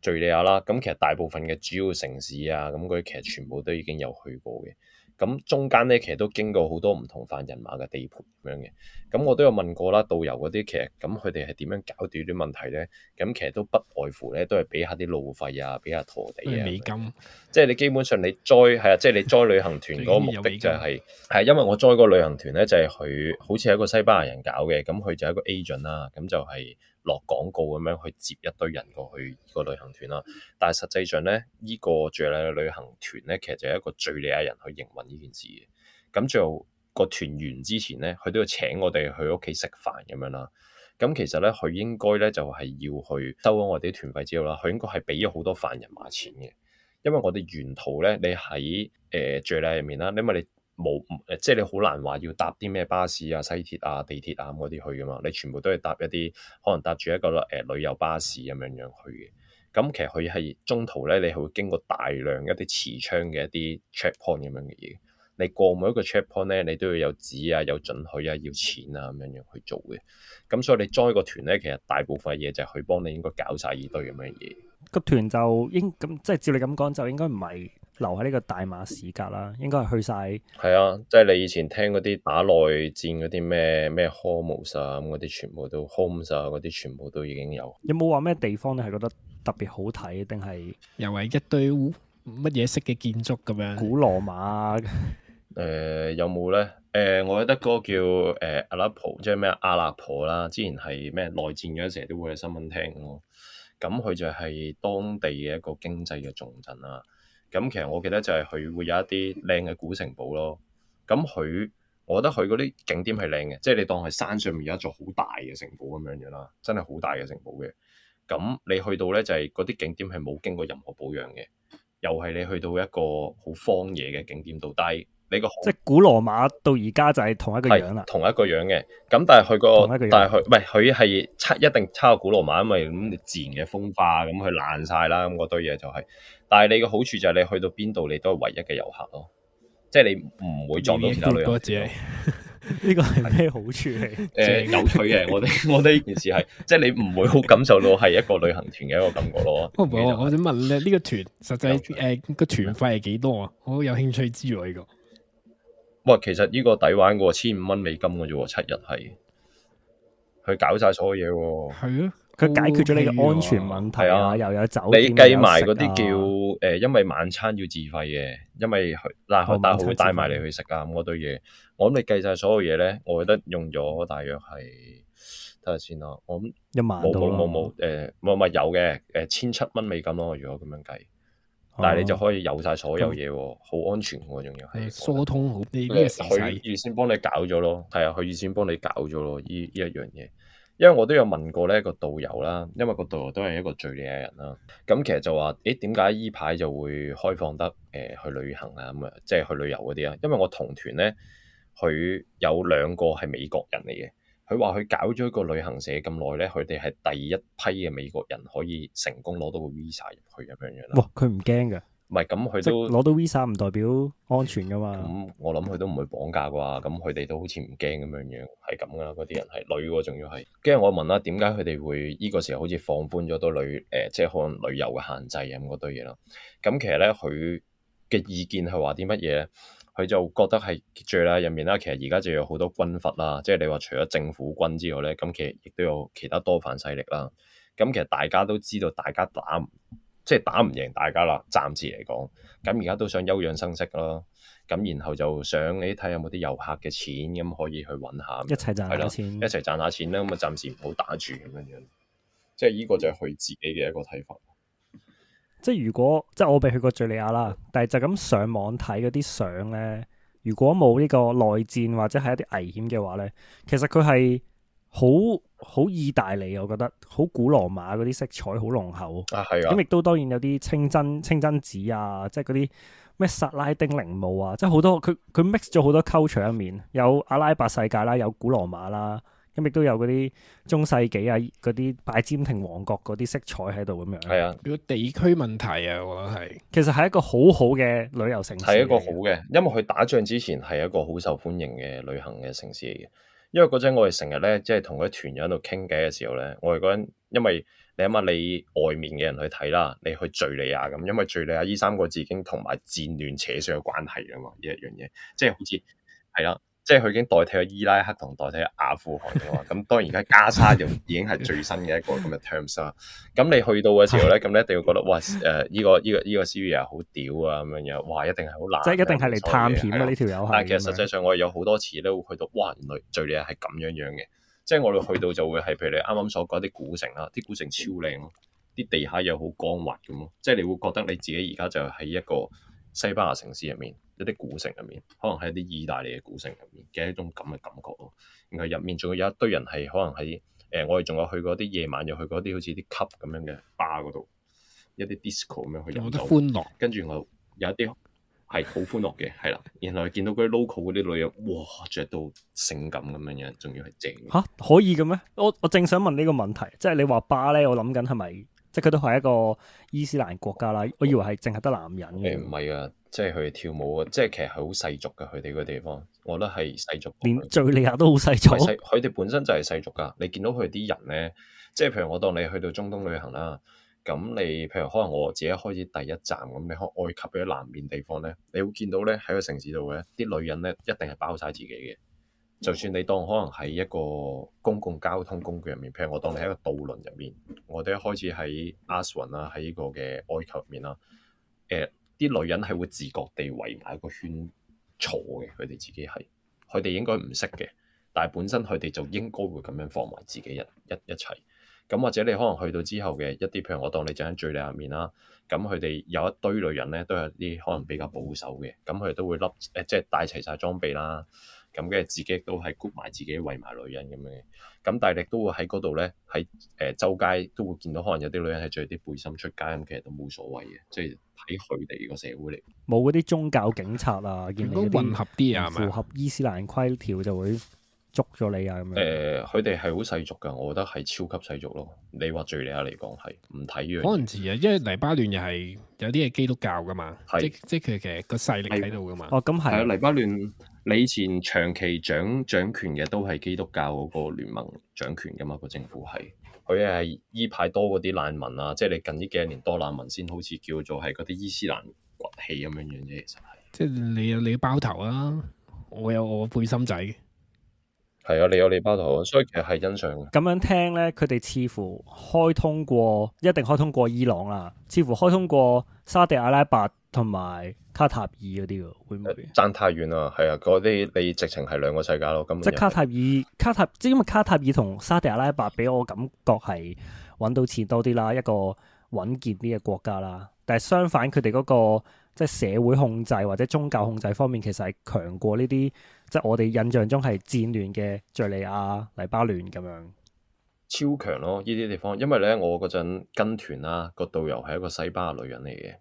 敘利亞啦。咁其實大部分嘅主要城市啊，咁佢其實全部都已經有去過嘅。咁中間咧，其實都經過好多唔同份人馬嘅地盤咁樣嘅。咁我都有問過啦，導遊嗰啲其實咁佢哋係點樣搞掂啲問題咧？咁其實都不外乎咧，都係俾下啲路費啊，俾下陀地啊。美金。即係你基本上你載係啊，即、就、係、是、你載旅行團嗰個目的就係、是、係、 <laughs> 啊、因為我載個旅行團咧，就係佢好似係一個西班牙人搞嘅，咁佢就係一個 agent 啦，咁就係、是。落廣告咁樣去接一堆人過去個旅行團啦，但係實際上咧，呢、這個敘利亞嘅旅行團咧，其實就係一個敘利亞人去營運呢件事嘅。咁最後個團完之前咧，佢都要請我哋去屋企食飯咁樣啦。咁其實咧，佢應該咧就係、是、要去收咗我哋啲團費之後啦，佢應該係畀咗好多飯人馬錢嘅，因為我哋沿途咧，你喺誒敘利亞入面啦，因為你。冇誒，即係你好難話要搭啲咩巴士啊、西鐵啊、地鐵啊嗰啲去噶嘛？你全部都係搭一啲可能搭住一個誒、呃、旅遊巴士咁樣樣去嘅。咁其實佢係中途咧，你會經過大量一啲持槍嘅一啲 check point 咁樣嘅嘢。你過每一個 check point 咧，你都要有紙啊、有准許啊、要錢啊咁樣樣去做嘅。咁所以你 join 個團咧，其實大部分嘢就係佢幫你應該搞晒呢堆咁樣嘢。個團就應咁即係照你咁講，就應該唔係。留喺呢個大馬士革啦，應該係去晒。係啊，即係你以前聽嗰啲打內戰嗰啲咩咩 Homs 嗰啲全部都 Homs 嗰、啊、啲全部都已經有。有冇話咩地方你係覺得特別好睇，定係又係一堆乜嘢式嘅建築咁樣？古羅馬啊、 <laughs> 呃？有冇咧？誒、呃，我覺得嗰個叫誒 Aleppo 即係咩阿勒頗啦，之前係咩內戰嗰陣都會有新聞聽咯。咁佢就係當地嘅一個經濟嘅重鎮啦。咁其實我記得就係佢會有一啲靚嘅古城堡咯。咁佢，我覺得佢嗰啲景點係靚嘅，即係你當係山上面有一座好大嘅城堡咁樣嘅啦，真係好大嘅城堡嘅。咁你去到咧就係嗰啲景點係冇經過任何保養嘅，又係你去到一個好荒野嘅景點度低。你個即係古羅馬到而家就係同一個樣啦，同一個樣嘅。咁但係佢個，但係佢唔係佢係差一定差過古羅馬，因為咁自然嘅風化，咁佢爛晒啦，咁嗰堆嘢就係。但係你嘅好處就係你去到邊度，你都係唯一嘅遊客咯。即係你唔會撞到其他旅行團。呢個係咩好處嚟？誒，有趣嘅。我哋我哋呢件事係，即係你唔會好感受到係一個旅行團嘅一個感覺咯。我想問咧，呢個團實際誒個團費係幾多啊？我好有興趣知喎呢個。哇，其實呢個抵玩嘅，千五蚊美金嘅啫，七日係，佢搞晒所有嘢。係啊，佢解決咗你嘅安全問題啊，OK、啊又有酒，你計埋嗰啲叫誒，啊、因為晚餐要自費嘅，因為嗱，佢帶佢帶埋嚟去食啊。我嗰對嘢，我諗你計晒所有嘢咧，我覺得用咗大約係，睇下先啦。我諗一萬，冇冇冇誒，唔係唔係有嘅，誒千七蚊美金咯，如果咁樣計。但係你就可以有晒所有嘢喎，好、嗯、安全喎，仲要係疏通好啲。佢預先幫你搞咗咯，係啊，佢預先幫你搞咗咯，呢一樣嘢。因為我都有問過咧個導遊啦，因為個導遊都係一個敘利亞人啦。咁其實就話，誒點解呢排就會開放得誒、呃、去旅行啊？咁啊，即係去旅遊嗰啲啊？因為我同團咧，佢有兩個係美國人嚟嘅。佢話佢搞咗一個旅行社咁耐咧，佢哋係第一批嘅美國人可以成功攞到個 visa 入去咁樣樣啦。哇！佢唔驚㗎？唔係咁，佢即係都攞到 visa 唔代表安全噶嘛。咁我諗佢都唔會綁架啩。咁佢哋都好似唔驚咁樣樣，係咁噶啦。嗰啲人係女喎，仲要係。跟住我問啦，點解佢哋會呢個時候好似放寬咗到女？誒、呃，即係可能旅遊嘅限制咁嗰堆嘢啦？咁其實咧，佢嘅意見係話啲乜嘢咧？佢就覺得係最啦入面啦，其實而家就有好多軍閥啦，即係你話除咗政府軍之外咧，咁其實亦都有其他多反勢力啦。咁其實大家都知道，大家打即係打唔贏大家啦，暫時嚟講。咁而家都想休養生息咯，咁然後就想你睇有冇啲遊客嘅錢咁可以去揾下，一齊賺下錢，一齊賺下錢啦。咁啊，暫時唔好打住咁樣，即係呢個就係佢自己嘅一個睇法。即係如果即係我未去過敘利亞啦，但係就咁上網睇嗰啲相咧，如果冇呢個內戰或者係一啲危險嘅話咧，其實佢係好好意大利，我覺得好古羅馬嗰啲色彩好濃厚啊。係啊，咁亦都當然有啲清真清真寺啊，即係嗰啲咩薩拉丁陵墓啊，即係好多佢佢 mix 咗好多溝搶面，有阿拉伯世界啦，有古羅馬啦、啊。咁亦都有嗰啲中世紀啊，嗰啲拜占庭王國嗰啲色彩喺度咁樣。係啊，如果地區問題啊，我覺得係，其實係一,一個好好嘅旅遊城市。係一個好嘅，因為佢打仗之前係一個好受歡迎嘅旅行嘅城市嚟嘅。因為嗰陣我哋成日咧，即係同嗰啲團友喺度傾偈嘅時候咧，我哋嗰陣，因為你諗下你外面嘅人去睇啦，你去敘利亞咁，因為敘利亞呢三個字已經同埋戰亂扯上個關係噶嘛，呢一樣嘢，即係好似係啦。即係佢已經代替咗伊拉克同代替阿富汗嘅，咁當然而家加沙就已經係最新嘅一個咁嘅 term 啦。咁 <laughs> 你去到嘅時候咧，咁你一定要覺得哇，誒、呃、依、這個依、這個依、這個 Syria 好屌啊咁樣樣，哇一定係好難，即係一定係嚟探險啊！呢條友。條但係其實實際上我哋有好多次咧會去到，哇原來敍利亞係咁樣樣嘅。即係我哋去到就會係譬如你啱啱所講啲古城啦，啲古城超靚咯，啲地下又好光滑咁咯，即係你會覺得你自己而家就喺一個。西班牙城市入面，一啲古城入面，可能喺一啲意大利嘅古城入面嘅一種咁嘅感覺咯。然後入面仲有一堆人係可能喺誒、呃，我哋仲有去過啲夜晚又去過啲好似啲 club 咁樣嘅巴嗰度，一啲 disco 咁樣去，有得歡樂。跟住我有一啲係好歡樂嘅，係啦。然後見到嗰啲 local 嗰啲女人，哇，着到性感咁樣樣，仲要係正嚇、啊，可以嘅咩？我我正想問呢個問題，即係你話巴咧，我諗緊係咪？即佢都係一個伊斯蘭國家啦，我以為係淨係得男人。誒、欸，唔係啊，即係佢跳舞啊，即係其實係好世俗噶，佢哋個地方，我覺得係世俗。連敘利亞都好世俗，佢哋本身就係世俗噶。你見到佢哋啲人咧，即係譬如我當你去到中東旅行啦，咁你譬如可能我自己開始第一站咁，你可埃及嘅南面地方咧，你會見到咧喺個城市度嘅啲女人咧，一定係包晒自己嘅。就算你當可能喺一個公共交通工具入面，譬如我當你喺一個渡輪入面，我哋一開始喺阿斯雲啦，喺呢個嘅埃及入面啦，誒啲女人係會自覺地圍埋一個圈坐嘅，佢哋自己係佢哋應該唔識嘅，但係本身佢哋就應該會咁樣放埋自己一一一齊。咁或者你可能去到之後嘅一啲，譬如我當你就喺最入面啦，咁佢哋有一堆女人咧，都係啲可能比較保守嘅，咁佢哋都會笠誒即係帶齊晒裝備啦。咁嘅自己都係谷埋自己，圍埋女人咁樣。咁大力都會喺嗰度咧，喺誒周街都會見到，可能有啲女人係着啲背心出街咁，其實都冇所謂嘅，即係睇佢哋個社會嚟。冇嗰啲宗教警察啊，見混合啲唔符合伊斯蘭規條就會捉咗你啊咁樣。誒，佢哋係好世俗噶，我覺得係超級世俗咯。你話敘利亞嚟講係唔睇呢樣。可能似啊，因為黎巴嫩又係有啲係基督教噶嘛，即即係佢其實個勢力喺度噶嘛。哦，咁係啊，黎巴嫩。你以前長期掌掌權嘅都係基督教嗰個聯盟掌權噶嘛？個政府係佢係依排多嗰啲難民啊，即係你近呢幾年多難民先好似叫做係嗰啲伊斯蘭崛起咁樣樣啫。其實係即係你有你嘅包頭啊，我有我背心仔，係、嗯、啊，你有你包頭啊，所以其實係欣賞嘅。咁樣聽咧，佢哋似乎開通過，一定開通過伊朗啦，似乎開通過沙地阿拉伯同埋卡塔爾嗰啲喎，會唔會爭太遠啦？係啊，嗰啲你直情係兩個世界咯。咁即係卡塔爾、卡塔爾即因為卡塔爾同沙特阿拉伯俾我感覺係揾到錢多啲啦，一個穩健啲嘅國家啦。但係相反、那個，佢哋嗰個即係社會控制或者宗教控制方面，其實係強過呢啲即係我哋印象中係戰亂嘅敍利亞、黎巴嫩咁樣超強咯。呢啲地方，因為咧我嗰陣跟團啦，個導遊係一個西班牙女人嚟嘅。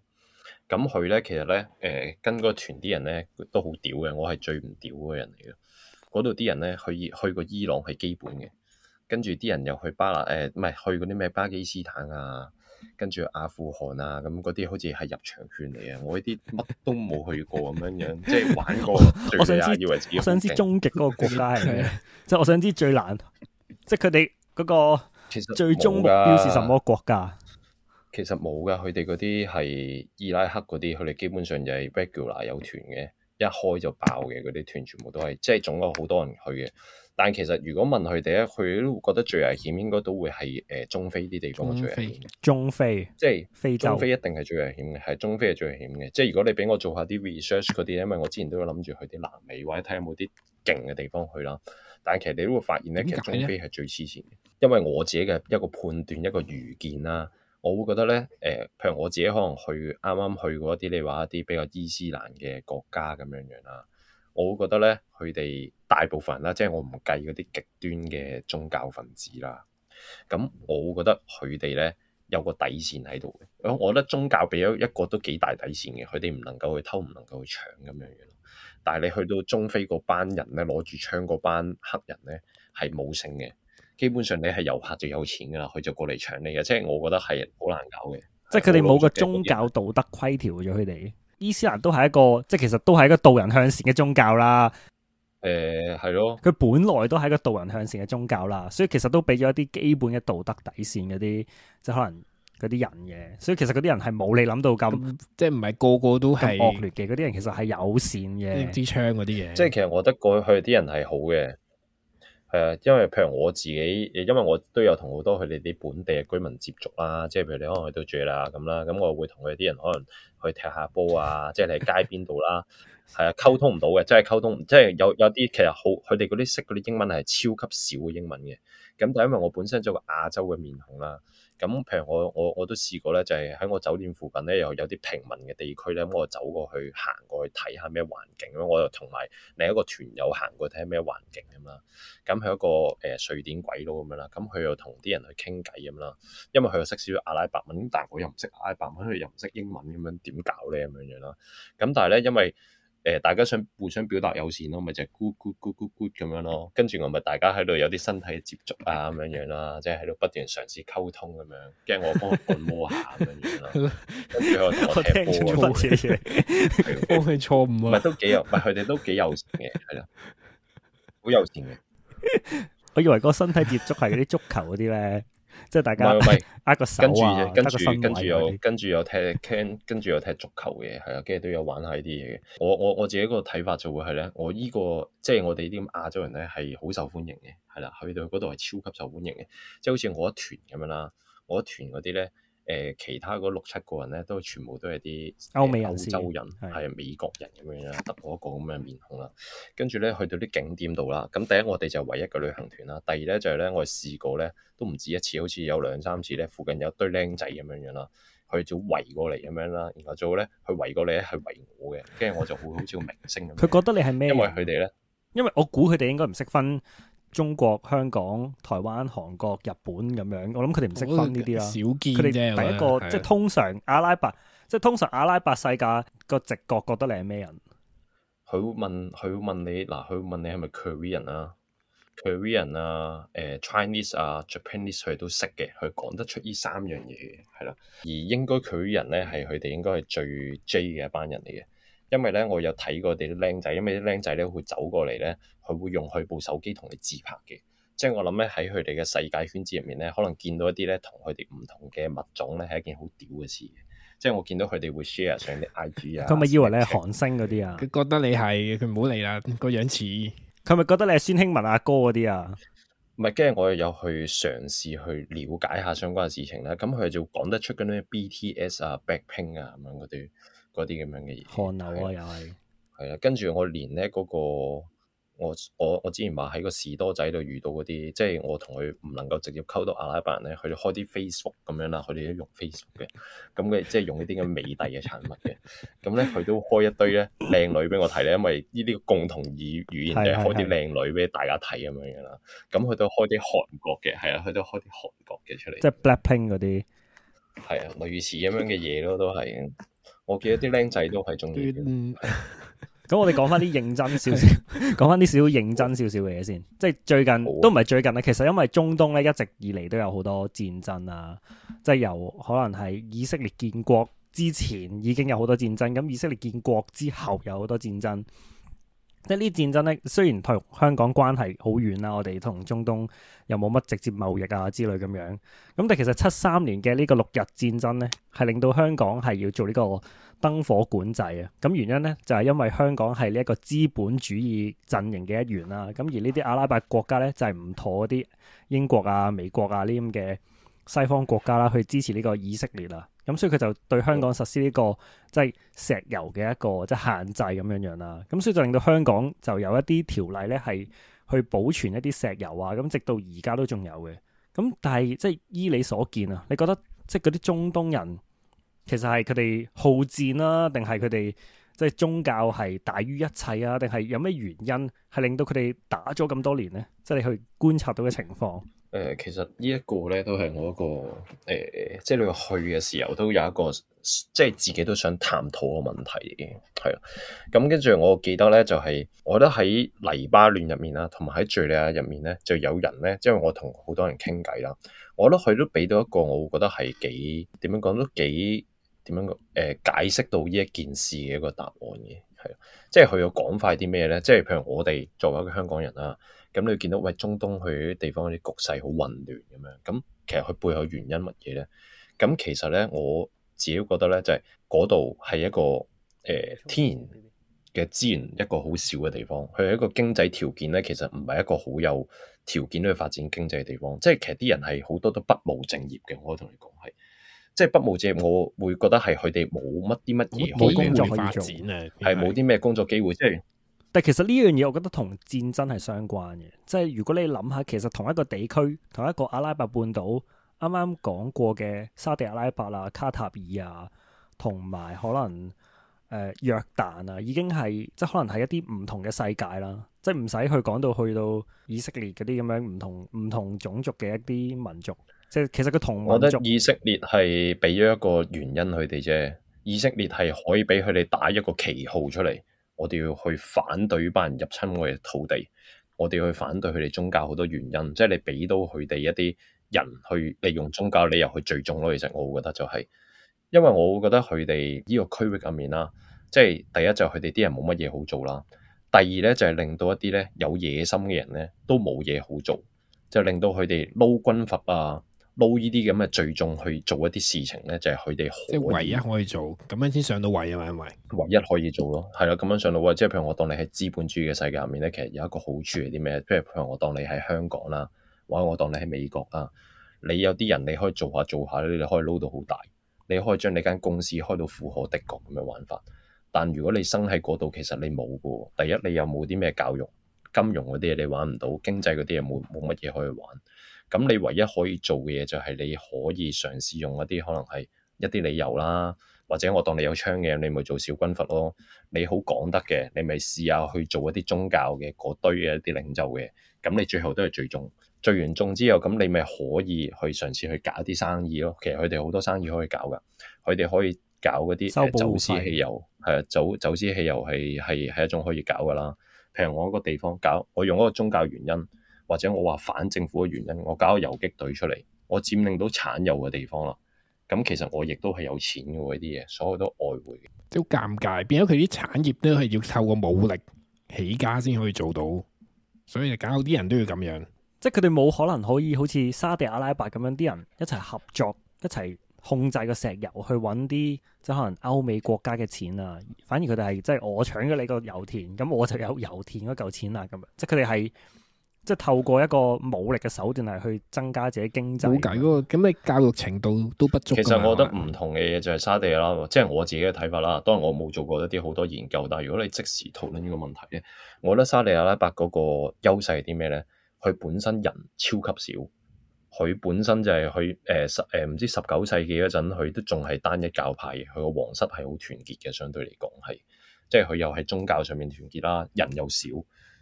咁佢咧，其實咧，誒跟個團啲人咧都好屌嘅，我係最唔屌嘅人嚟嘅。嗰度啲人咧去去過伊朗係基本嘅，跟住啲人又去巴勒誒，唔、欸、係去嗰啲咩巴基斯坦啊，跟住阿富汗啊，咁嗰啲好似係入場券嚟嘅。我呢啲乜都冇去過咁樣樣，即係 <laughs> 玩過。 <laughs> 我想知，我想知終極嗰個國家係咩？即係 <laughs> <laughs> 我想知最難，即係佢哋嗰個其實最終目標係什麼國家？其實冇㗎，佢哋嗰啲係伊拉克嗰啲，佢哋基本上就係 regular 有團嘅，一開就爆嘅嗰啲團，全部都係。即係總有好多人去嘅。但其實如果問佢哋咧，佢都覺得最危險應該都會係誒中非啲地方最危險。中非，中非即係是非洲，中非一定係最危險嘅，係中非係最危險嘅。即係如果你畀我做下啲 research 嗰啲，因為我之前都有諗住去啲南美或者睇下有冇啲勁嘅地方去啦。但其實你都會發現咧，其實中非係最黐線嘅，因為我自己嘅一個判斷一個愚見啦。我會覺得咧，誒，譬如我自己可能去啱啱去過一啲，你話一啲比較伊斯蘭嘅國家咁樣樣啦，我會覺得咧，佢哋大部分啦，即係我唔計嗰啲極端嘅宗教分子啦，咁我會覺得佢哋咧有個底線喺度嘅。我覺得宗教畀咗一個都幾大底線嘅，佢哋唔能夠去偷，唔能夠去搶咁樣樣。但係你去到中非嗰班人咧，攞住槍嗰班黑人咧，係冇性嘅。基本上你係遊客就有錢噶啦，佢就過嚟搶你嘅，即係我覺得係好難搞嘅。即係佢哋冇個宗教道德規條咗佢哋。伊斯蘭都係一個，即係其實都係一個導人向善嘅宗教啦。誒、嗯，係咯。佢本來都係一個導人向善嘅宗教啦，所以其實都俾咗一啲基本嘅道德底線嗰啲，即係可能嗰啲人嘅。所以其實嗰啲人係冇你諗到咁，嗯，即係唔係個個都係惡劣嘅。嗰啲的人其實係友善嘅，支槍嗰啲嘢，即係其實我覺得過去啲人係好嘅。係因為譬如我自己，因為我都有同好多佢哋啲本地嘅居民接觸啦，即係譬如你可能去到住啦咁啦，咁我會同佢啲人可能去踢下波啊，即係你喺街邊度啦，係啊，溝通唔到嘅，即係溝通，即係有有啲其實好，佢哋嗰啲識嗰啲英文係超級少嘅英文嘅，咁就因為我本身做個亞洲嘅面孔啦。咁譬如我我我都試過咧，就係喺我酒店附近咧又有啲平民嘅地區咧，咁我走過去行過去睇下咩環境咁，我又同埋另一個團友行過去睇下咩環境咁啦。咁係一個誒瑞典鬼佬咁樣啦，咁佢又同啲人去傾偈咁啦。因為佢又識少少阿拉伯文，但係我又唔識阿拉伯文，佢又唔識英文咁樣點搞咧咁樣樣啦。咁但係咧因為。誒，大家想互相表達友善咯，咪就係 good，good，good，good，good 咁樣咯。跟住我咪大家喺度有啲身體接觸啊，咁樣樣啦，即係喺度不斷嘗試溝通咁樣。驚我幫佢按摩下咁樣樣咯。 <laughs> 跟住我踢波啊。 <laughs> 我聽 <laughs> 對錯咗係講係錯誤啊。唔係都幾有，唔係佢哋都幾友善嘅，係啦，好友善嘅。 <laughs> 我以為個身體接觸係嗰啲足球嗰啲咧。即係大家跟、跟住跟住跟住又跟住又踢 can，跟住又踢足球嘅，係啊，跟住都有玩下啲嘢嘅。我我我自己個睇法，就係咧，我呢個即係我哋啲咁亞洲人咧，係好受歡迎嘅，係啦，去到嗰度係超級受歡迎嘅。即係好似我一團咁樣啦，我一團嗰啲咧。誒，其他嗰六七個人咧，都全部都係啲歐美人、呃、歐洲人，係是美國人咁樣樣，得我一個咁嘅面孔啦。跟住咧去到啲景點度啦。咁第一我哋就係唯一個旅行團啦。第二咧就係咧，我試過咧都唔止一次，好似有兩三次咧，附近有一堆僆仔咁樣樣啦，佢就圍過嚟咁樣啦，然後就咧去圍過嚟咧係圍我嘅，跟住我就會好似個明星咁。佢 <laughs> 覺得你係咩？因為佢哋咧，因為我估佢哋應該唔識分。中國、香港、台灣、韓國、日本咁樣，我諗佢哋唔識分呢啲啦。少見啫。第一個即係通常阿拉伯，的即係通常阿拉伯世界個直覺覺得你係咩人？佢會問佢會問你嗱，佢會問你係咪 Korean 人啊？Korean 人啊？誒、啊呃、Chinese 啊？Japanese 佢、啊、哋都識嘅，佢講得出呢三樣嘢嘅，係啦。而應該 Korean 人咧係佢哋應該係最 J 嘅一班人嚟嘅。因為咧，我有睇過啲僆仔，因為啲僆仔咧會走過嚟咧，佢會用佢部手機同你自拍嘅。即係我諗咧，喺佢哋嘅世界圈子入面咧，可能見到一啲咧同佢哋唔同嘅物種咧，係一件好屌嘅事。即係我見到佢哋會 share 上啲 IG 啊，佢咪 <laughs> 以為你係韓星嗰啲啊？佢覺得你係，佢唔好理啦，個樣似。佢咪覺得你係孫興文阿、啊、哥嗰啲啊？唔係，跟住我又有去嘗試去了解下相關嘅事情咧。咁佢就講得出嗰啲 BTS 啊、Blackpink 啊咁樣嗰啲。嗰啲咁樣嘅嘢，韓流啊，又係係啊，跟住我連咧嗰個我我我之前話喺個士多仔度遇到嗰啲，即係我同佢唔能夠直接溝到阿拉伯人咧，佢哋開啲 Facebook 咁樣啦，佢哋都用 Facebook 嘅，咁佢即係用呢啲嘅美帝嘅產物嘅，咁咧佢都開一堆咧靚女俾我睇咧，因為呢啲共同語語言就開啲靚女俾大家睇咁樣嘅啦。咁佢都開啲韓國嘅，係啊，佢都開啲韓國嘅出嚟，即係 Blackpink 嗰啲係啊，類似咁樣嘅嘢咯，都係。我記得啲僆仔都係中意嘅。咁、 <laughs> 嗯、我哋講翻啲認真少少，講翻啲少少認真少少嘅嘢先。即係 <laughs> 最近都唔係最近啦。其實因為中東咧一直以嚟都有好多戰爭啊，即係由可能係以色列建國之前已經有好多戰爭，咁以色列建國之後有好多戰爭。 <laughs> 即係呢戰爭咧，雖然同香港關係好遠啦，我哋同中東又冇乜直接貿易啊之類咁樣。咁但其實七三年嘅呢個六日戰爭咧，係令到香港係要做呢個。燈火管制啊，咁原因咧就係、是、因為香港係呢一個資本主義陣營嘅一員啦。咁而呢啲阿拉伯國家咧就係唔妥啲英國啊、美國啊呢咁嘅西方國家啦，去支持呢個以色列啦。咁所以佢就對香港實施呢、這個即係、就是、石油嘅一個即係、就是、限制咁樣樣啦。咁所以就令到香港就有一啲條例咧係去保存一啲石油啊。咁直到而家都仲有嘅。咁但係即係依你所見啊，你覺得即係嗰啲中東人？其實係佢哋好戰啦、啊，定係佢哋即係宗教係大於一切啊？定係有咩原因係令到佢哋打咗咁多年咧？即係你去觀察到嘅情況。誒、呃，其實呢一、那個咧都係我一個誒，即係你去嘅時候都有一個，即係自己都想探討嘅問題嘅，係啦。咁跟住我記得咧就係、是，我覺得喺黎巴嫩入面啦，同埋喺敘利亞入面咧，就有人咧，即係我同好多人傾偈啦，我覺得佢都俾到一個，我覺得係幾，點樣講，都幾。咁樣誒解釋到呢一件事嘅一個答案嘅係，即係佢要講快啲咩咧？即係譬如我哋作為一個香港人啦，咁你見到喂中東去啲地方啲局勢好混亂咁樣，咁其實佢背後原因乜嘢咧？咁其實咧，我自己覺得咧，就係嗰度係一個誒、呃、天然嘅資源一個好少嘅地方，佢係一個經濟條件咧，其實唔係一個好有條件去發展經濟嘅地方。即係其實啲人係好多都不務正業嘅，我可以同你講係。即係不務正業，我會覺得係佢哋冇乜啲乜嘢，冇工作發展啊，係冇啲咩工作機會。即係，但其實呢樣嘢，我覺得同戰爭係相關嘅。即係如果你諗下，其實同一個地區，同一個阿拉伯半島，啱啱講過嘅沙特阿拉伯啊、卡塔爾啊，同埋可能誒約旦啊，已經係即係可能係一啲唔同嘅世界啦。即係唔使去講到去到以色列嗰啲咁樣唔同唔同種族嘅一啲民族。即係其實個同我覺得以色列係畀咗一個原因佢哋啫。以色列係可以畀佢哋打一個旗號出嚟，我哋要去反對班人入侵我哋土地，我哋要去反對佢哋宗教，好多原因。即係你畀到佢哋一啲人去利用宗教理由去聚眾咯。其實我覺得就係、是，因為我覺得佢哋呢個區域入面啦，即係第一就係佢哋啲人冇乜嘢好做啦。第二咧就係令到一啲咧有野心嘅人咧都冇嘢好做，就令到佢哋撈軍閥啊。撈呢啲咁嘅聚眾去做一啲事情咧，就係佢哋即唯一可以做，咁樣先上到位啊嘛，因為唯一可以做咯，係啦，咁樣上到位。即係譬如我當你喺資本主義嘅世界入面咧，其實有一個好處係啲咩？譬如譬如我當你喺香港啦，或者我當你喺美國啦，你有啲人你可以做下做下，你哋可以撈到好大，你可以將你間公司開到富可敵國咁樣玩法。但如果你生喺嗰度，其實你冇㗎。第一，你又冇啲咩教育、金融嗰啲嘢，你玩唔到；經濟嗰啲嘢冇冇乜嘢可以玩。咁你唯一可以做嘅嘢就係你可以嘗試用一啲可能係一啲理由啦，或者我當你有槍嘅，你咪做小軍閥咯。你好講得嘅，你咪試下去做一啲宗教嘅嗰堆嘅一啲領袖嘅。咁你最後都係聚眾，聚完眾之後，咁你咪可以去嘗試去搞啲生意咯。其實佢哋好多生意可以搞噶，佢哋可以搞嗰啲走私汽油，係啊，走走私汽油係係係一種可以搞噶啦。譬如我一個地方搞，我用一個宗教原因。或者我話反政府嘅原因，我搞個游擊隊出嚟，我佔領到產油嘅地方啦。咁其實我亦都係有錢嘅喎，呢啲嘢，所有都外匯。即好尷尬，變咗佢啲產業都係要透過武力起家先可以做到。所以搞啲人都要咁樣，即係佢哋冇可能可以好似沙地阿拉伯咁樣，啲人一齊合作，一齊控制個石油去搵啲即可能歐美國家嘅錢啊。反而佢哋係即係我搶咗你個油田，咁我就有油田嗰嚿錢啦。咁樣，即佢哋係。即係透過一個武力嘅手段嚟去增加自己經濟冇計喎，咁你教育程度都不足。其實我覺得唔同嘅嘢就係沙地啦，即係我自己嘅睇法啦。當然我冇做過一啲好多研究，但係如果你即時討論呢個問題咧，我覺得沙地阿拉伯嗰個優勢係啲咩咧？佢本身人超級少，佢本身就係去，誒誒，唔知十九世紀嗰陣佢都仲係單一教派，佢個皇室係好團結嘅，相對嚟講係，即係佢又喺宗教上面團結啦，人又少。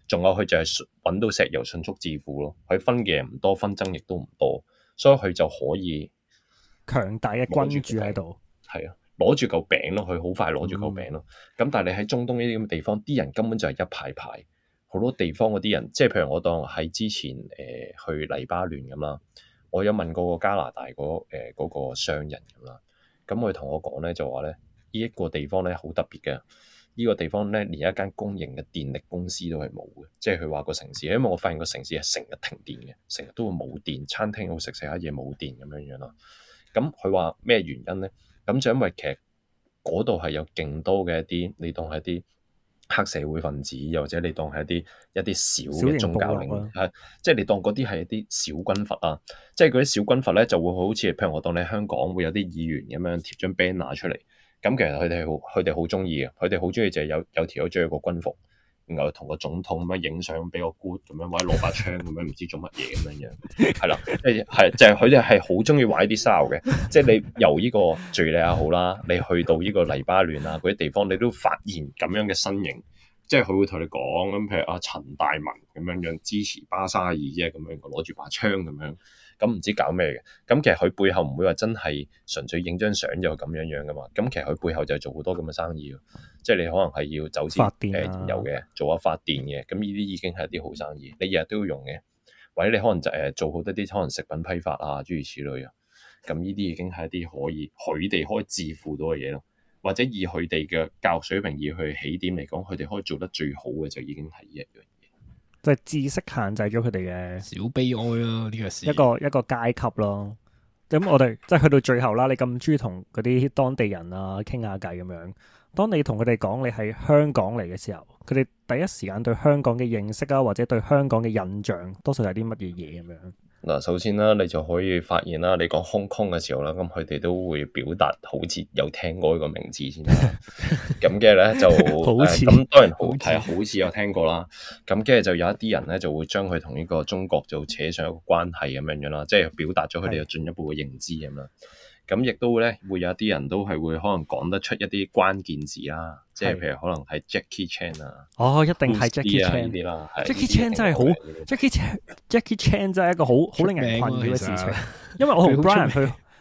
仲有佢就係揾到石油，迅速致富咯，佢分嘅唔多，紛爭亦都唔多，所以佢就可以強大嘅君主喺度，係啊，攞住嚿餅咯，佢好快攞住嚿餅咯。咁但係你喺中東呢啲咁嘅地方，啲人根本就係一排一排，好多地方嗰啲人，即係譬如我當喺之前誒、呃、去黎巴嫩咁啦，我有問過個加拿大嗰、那、誒、個呃那個商人咁啦，咁佢同我講咧就話咧，呢、這、一個地方咧好特別嘅。呢個地方咧，連一間公營嘅電力公司都係冇嘅，即係佢話個城市，因為我發現個城市係成日停電嘅，成日都會冇電，餐廳好食食下嘢冇電咁樣樣咯。咁佢話咩原因咧？咁就因為其實嗰度係有勁多嘅一啲，你當係一啲黑社會分子，又或者你當係一啲一啲小嘅宗教領，係、啊、即係你當嗰啲係一啲小軍閥啊。即係嗰啲小軍閥咧，就會好似譬如我當你香港會有啲議員咁樣貼張 banner 出嚟。咁其實佢哋好，佢哋好中意嘅，佢哋好中意就係有有條友追着個軍服，然後同個總統咁樣影相，比較 good 咁樣，或者攞把槍咁樣，唔知做乜嘢咁樣樣，係啦、 <laughs> 就係，即就係佢哋係好中意玩啲 show 嘅，即係你由呢個敍利亞好啦，你去到呢個黎巴嫩啦嗰啲地方，你都發現咁樣嘅身形，即係佢會同你講咁譬如阿陳大文咁樣樣支持巴沙爾啫，咁樣攞住把槍咁樣。咁唔知搞咩嘅，咁其實佢背後唔會話真係純粹影張相就咁樣樣噶嘛，咁其實佢背後就係做好多咁嘅生意，即係你可能係要走私誒有嘅，做下發電嘅、啊，咁呢啲已經係啲好生意，你日日都要用嘅，或者你可能就誒做好多啲可能食品批發啊，諸如此類啊，咁依啲已經係一啲可以佢哋可以致富到嘅嘢咯，或者以佢哋嘅教育水平而去起點嚟講，佢哋可以做得最好嘅就已經係一樣。即係知識限制咗佢哋嘅小悲哀啦、啊，呢個一個一個階級咯。咁、嗯、我哋即係去到最後啦，你咁中意同嗰啲當地人啊傾下偈咁樣，當你同佢哋講你係香港嚟嘅時候，佢哋第一時間對香港嘅認識啊，或者對香港嘅印象，多數係啲乜嘢嘢咁樣？嗯嗱，首先啦，你就可以發現啦，你講 Hong Kong 嘅時候啦，咁佢哋都會表達好似有聽過呢個名字先。咁跟住咧就， <laughs> 好似像，咁、呃、當然好係像，好似有聽過啦。咁跟住就有一啲人咧就會將佢同呢個中國就扯上一個關係咁樣樣啦，即係表達咗佢哋嘅進一步嘅認知咁樣。咁亦都咧，會有啲人都係會可能講得出一啲關鍵字啦，即係譬如可能係 Jackie Chan 啊。哦，一定係 Jackie Chan 呢啲啦，Jackie Chan 真係好，Jackie Chan，Jackie Chan 真係一個好好令人困擾嘅事情，因為我同 Brian 去，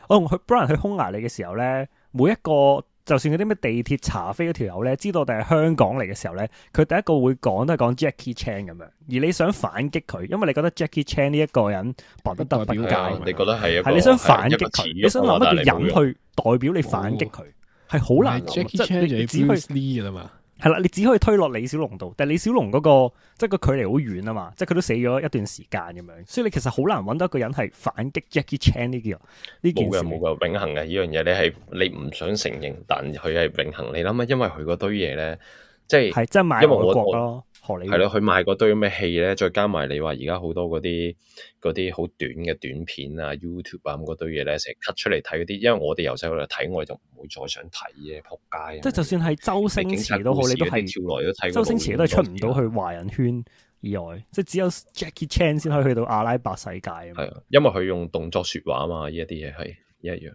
我同佢 Brian 去匈牙利嘅時候咧，每一個。就算嗰啲咩地鐵查飛嗰條友咧，知道我哋係香港嚟嘅時候咧，佢第一個會講都係講 Jackie Chan 咁樣。而你想反擊佢，因為你覺得 Jackie Chan 呢一個人百不得不解，啊。你覺得係一個係你想反擊佢，一個你想攞乜嘢人去代表你反擊佢，係好、哦、難。Jackie Chan 你就係 Bruce Lee 啦嘛。係啦，你只可以推落李小龍度，但李小龍嗰，那個即係個距離好遠啊嘛，即係佢都死咗一段時間咁樣，所以你其實好難揾到一個人係反擊 Jackie Chan 呢件、呢件事。冇噶、冇噶，永恆嘅呢樣嘢，你係你唔想承認，但佢係永恆。你諗下，因為佢嗰堆嘢咧，即係係真係因為我我。係咯，佢賣嗰堆咩戲咧？再加埋你話而家好多嗰啲嗰啲好短嘅短片啊，YouTube 啊咁嗰堆嘢咧，成日 cut 出嚟睇嗰啲。因為我哋由細嗰度睇，我哋就唔會再想睇嘢扑街即係就算係周星馳都好，你都係周星馳都係出唔到去華人圈以外，即係只有 Jackie Chan 先可以去到阿拉伯世界。係啊，因為佢用動作說話嘛，呢一啲嘢係一樣。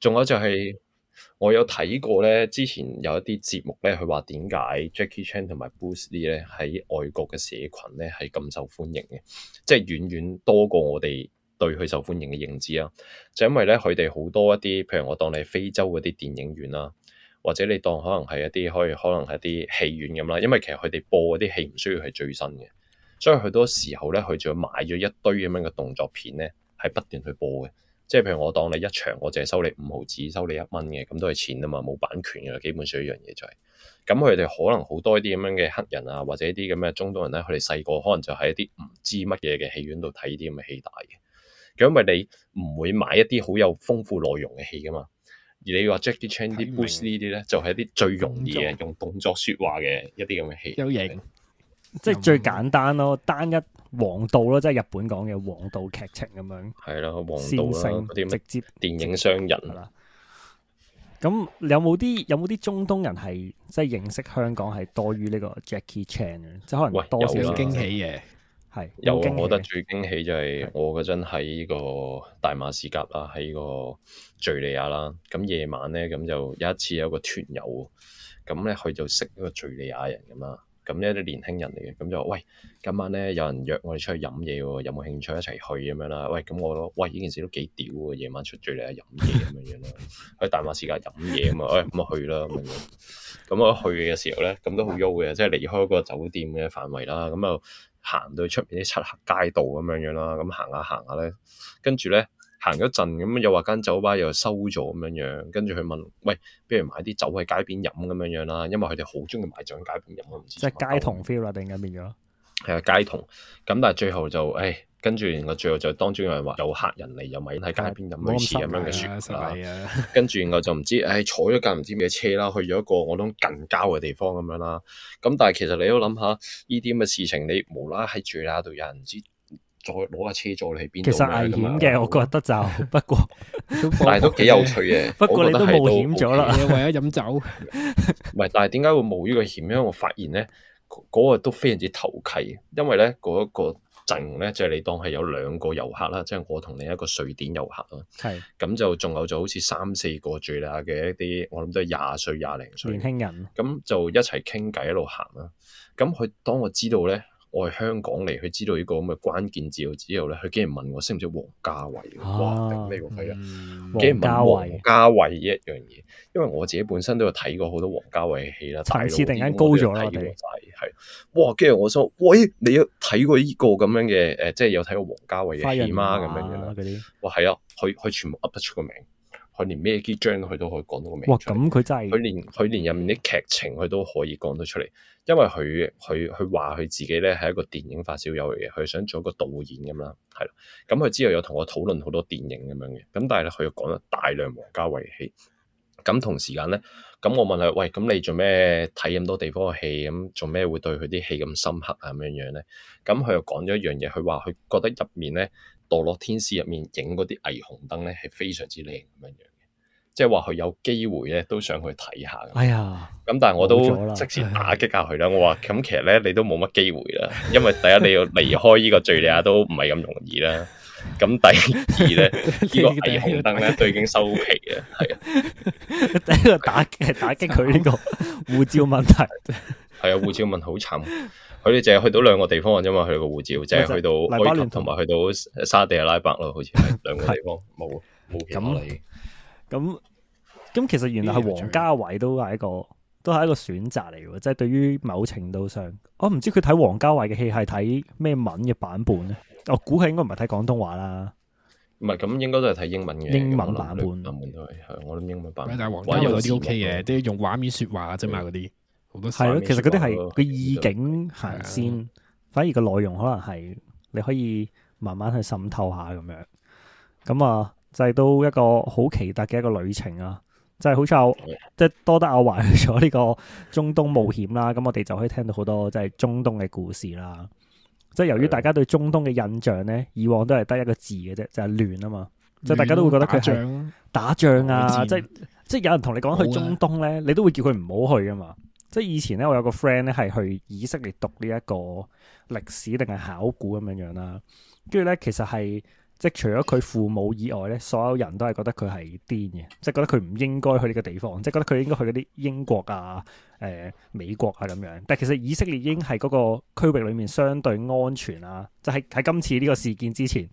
仲有就係、是。我有睇過咧，之前有一啲節目咧，佢話點解 Jackie Chan 同埋 Bruce Lee 咧喺外國嘅社群咧係咁受歡迎嘅，即係遠遠多過我哋對佢受歡迎嘅認知啊。就因為咧佢哋好多一啲，譬如我當你係非洲嗰啲電影院啦，或者你當可能係一啲可以可能係一啲戲院咁啦，因為其實佢哋播嗰啲戲唔需要係最新嘅，所以好多時候咧佢仲要買咗一堆咁樣嘅動作片咧，係不斷去播嘅。即係譬如我當你一場，我淨係收你五毫子，收你一蚊嘅，咁都係錢啊嘛，冇版權嘅，基本上呢樣嘢就係、是，咁佢哋可能好多啲咁樣嘅黑人啊，或者啲咁嘅中東人咧、啊，佢哋細個可能就喺一啲唔知乜嘢嘅戲院度睇啲咁嘅戲帶嘅，咁因為你唔會買一啲好有豐富內容嘅戲噶嘛，而你話 Jackie Chan 啲 Bruce Lee 呢啲咧，就係、是、一啲最容易嘅作用動作說話嘅一啲咁嘅戲。有型即係最簡單咯，單一王道咯，即係日本講嘅王道劇情咁樣。係啦，王道啦，直接性電影商人啦。咁有冇啲有冇啲中東人係即係認識香港係多於呢個 Jackie Chan 嘅？即係可能多少啲的驚喜嘅。係有，有我覺得最驚喜就係我嗰陣喺呢個大馬士革啦，喺個敍利亞啦。咁夜晚咧，咁就有一次有一個團友，咁咧佢就識呢個敍利亞人咁啦。咁呢啲年輕人嚟嘅，咁就話：喂，今晚咧有人約我哋出去飲嘢喎，有冇興趣一齊去咁樣啦？喂，咁我，喂，呢件事都幾屌嘅，夜晚出住嚟啊飲嘢咁樣樣啦，喺大馬士革飲嘢啊嘛，誒咁啊去啦咁樣。咁我 <laughs> 去嘅時候咧，咁都好悠嘅，即係離開個酒店嘅範圍啦。咁又行到出面啲漆黑街道咁樣樣啦。咁行下行下咧，跟住咧。行咗陣咁又話間酒吧又收咗咁樣樣，跟住佢問：喂，不如買啲酒喺街邊飲咁樣樣啦，因為佢哋好中意買酒喺街邊飲，我唔知。即係街童 feel 啦，定點解變咗？係啊，街童。咁但係最後就誒，跟住然後最後就當中有人話有客人嚟又咪喺街邊飲，類似咁樣嘅説啦。跟住然後就唔知，誒，坐咗架唔知咩車啦，去咗一個我諗近郊嘅地方咁樣啦。咁但係其實你都諗下，呢啲咁嘅事情，你無啦喺住啦，度有人知。再攞架車坐嚟邊度？其實危險嘅，天我覺得就 <laughs> 不過，但係都幾有趣嘅。 <laughs> 不過你冒險我覺得都冒險咗啦，為咗飲酒。唔 <laughs> 係，但係點解會冒呢個險咧？我發現咧，嗰個都非常之投契，因為咧嗰一個陣咧，就係、是、你當係有兩個遊客啦，即、就、係、是、我同另一個瑞典遊客咯。係是。咁就仲有就好似三四個最靚嘅一啲，我諗都係廿歲廿零歲。歲歲年輕人。咁就一齊傾偈一路行啦。咁佢當我知道咧。我喺香港嚟，佢知道呢個咁嘅關鍵字之後咧，佢竟然問我識唔識王家衞？哇！頂呢個 friend，竟然問王家衞一樣嘢，因為我自己本身都有睇過好多王家衞嘅戲啦，層次突然間高咗啦，我哋係們哇！跟住我想，喂，你有睇過呢個咁樣嘅誒、呃，即係有睇過王家衞嘅戲嗎？咁樣嘅啦，嗰啲哇係啊，佢佢全部 update 個名。佢連咩啲章佢都可以講到個名。哇！咁佢真係佢連佢連入面啲劇情佢都可以講得出嚟，因為佢佢佢話佢自己咧係一個電影發燒友嚟嘅，佢想做一個導演咁啦，係啦。咁、嗯、佢之後又同我討論好多電影咁樣嘅，咁但係咧佢又講咗大量王家衛嘅戲。咁同時間咧，咁、嗯、我問佢：喂，咁你做咩睇咁多地方嘅戲？咁做咩會對佢啲戲咁深刻啊？咁樣樣咧，咁佢又講咗一樣嘢，佢話佢覺得入面咧《墮落天使》入面影嗰啲霓虹燈咧係非常之靚咁樣樣。即係話佢有機會咧，都想去睇下。哎呀！咁但係我都即時打擊下佢啦。哎、呀我話說咁其實咧，你都冇乜機會啦。 <laughs> 因為第一你要離開呢個敘利亞都唔係咁容易啦。咁第二咧，這個、燈呢 <laughs> <laughs> 個霓虹燈咧都已經收皮啊。係啊，第一個打擊係打擊佢呢個護照問題。係啊、 <laughs> 嗯，護 <laughs> 照問好慘。佢哋淨係去到兩個地方啫嘛。佢個護照淨係去到埃及同埋去到沙地阿拉伯咯。好似係兩個地方冇冇其他 <laughs> 咁咁、嗯嗯、其實原來係王家衛都係一個都係一個選擇嚟嘅，即係對於某程度上，我、啊、唔知佢睇王家衛嘅戲係睇咩文嘅版本咧、啊。我估佢應該唔係睇廣東話啦，唔係咁應該都係睇英文嘅英文版本。英文係我諗英文版本，但係、嗯、王家衛有啲 OK 嘅，都要、嗯、用畫面說話啊啫嘛，嗰啲好多係咯。其實嗰啲係個意境行先，的反而個內容可能係你可以慢慢去滲透下咁樣。咁、嗯、啊。嗯就係都一個好奇特嘅一個旅程啊！就係好似我即係多得阿懷去咗呢個中東冒險啦，咁 <laughs> 我哋就可以聽到好多即係中東嘅故事啦。 <laughs> 即係由於大家對中東嘅印象咧，以往都係得一個字嘅啫，就係亂啊嘛。亂即係大家都會覺得佢係打仗啊，仗仗啊即係仗即係有人同你講去中東咧，啊、你都會叫佢唔好去啊嘛。即係以前咧，我有個 friend 咧係去以色列讀呢一個歷史定係考古咁樣樣啦，跟住咧其實係。即除咗佢父母以外咧，所有人都係覺得佢係癲嘅，即係覺得佢唔應該去呢個地方，即係覺得佢應該去嗰啲英國啊、誒、呃、美國啊咁樣。但係其實以色列已經係嗰個區域裡面相對安全啊，就係、是、喺今次呢個事件之前，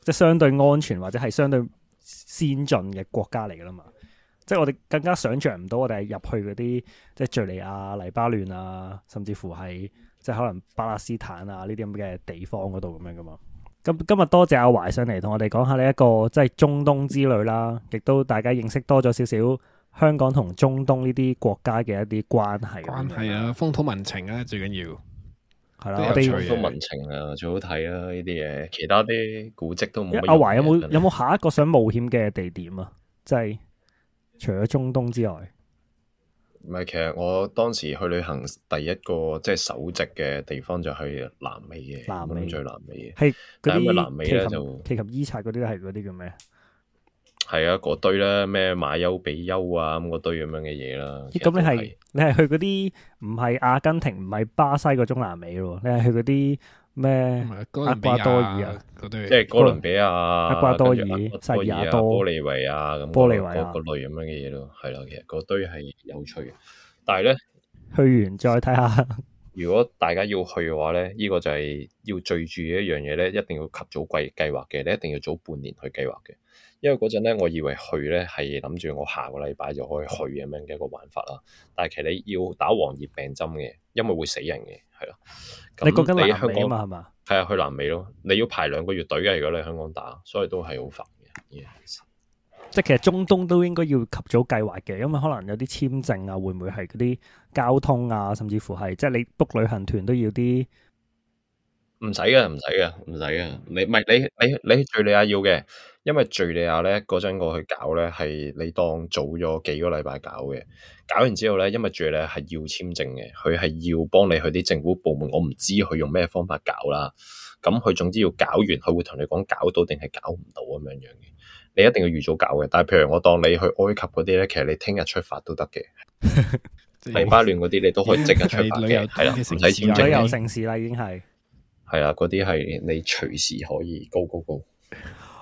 即係相對安全或者係相對先進嘅國家嚟㗎喇嘛。即係我哋更加想象唔到我哋係入去嗰啲，即係敘利亞、黎巴嫩啊，甚至乎係即係可能巴勒斯坦啊呢啲咁嘅地方嗰度咁樣㗎嘛。咁今日多謝阿懷上嚟同我哋講下呢一個即係中東之旅啦，亦都大家認識多咗少少香港同中東呢啲國家嘅一啲關係。關係啊，風土民情啊，最緊要係啦。啲風土民情啊，最好睇啊。呢啲嘢，其他啲古跡都冇啊。阿懷有冇有冇下一個想冒險嘅地點啊？即係除咗中東之外。唔係，其實我當時去旅行第一個即係首席嘅地方就係南美嘅，南美最南美嘅。係，但係去南美咧就奇琴伊察嗰啲都係嗰啲叫咩？係啊，嗰堆呢，嗰堆啦，咩馬丘比丘啊咁嗰堆咁樣嘅嘢啦。咁你係你係去嗰啲唔係阿根廷唔係巴西嘅中南美咯？你係去嗰啲。咩？厄瓜多爾嗰堆，即係哥倫比亞、厄瓜多爾、厄瓜多爾、玻利維亞咁各各類咁樣嘅嘢咯。係啦，其實嗰堆係有趣嘅。但係咧，去完再睇下。如果大家要去嘅話咧，呢個就係要最住一樣嘢咧，一定要及早計計劃嘅，你一定要早半年去計劃嘅，因為嗰陣咧，我以為去咧係諗住我下個禮拜就可以去咁樣嘅一個玩法啦。但係其實你要打黃熱病針嘅，因為會死人嘅，係咯。你覺得喺香港嘛係嘛？係啊，去南美咯，你要排兩個月隊嘅。如果你香港打，所以都係好煩嘅嘢。Yes，即係其實中東都應該要及早計劃嘅，因為可能有啲簽證啊，會唔會係嗰啲交通啊，甚至乎係即係你 book 旅行團都要啲。唔使嘅，唔使嘅，唔使嘅。你唔係你你你去敍利亞要嘅。因為叙利亞咧嗰陣我去搞咧，係你當早咗幾個禮拜搞嘅，搞完之後咧，因為叙利亞係要簽證嘅，佢係要幫你去啲政府部門，我唔知佢用咩方法搞啦。咁佢總之要搞完，佢會同你講搞到定係搞唔到咁樣樣嘅。你一定要預早搞嘅。但係譬如我當你去埃及嗰啲咧，其實你聽日出發都得嘅。黎巴嫩嗰啲你都可以即日出發嘅，係啦、啊，唔使簽證。旅遊城市啦，已經係係啦，嗰啲係你隨時可以高高高。Go, go, go.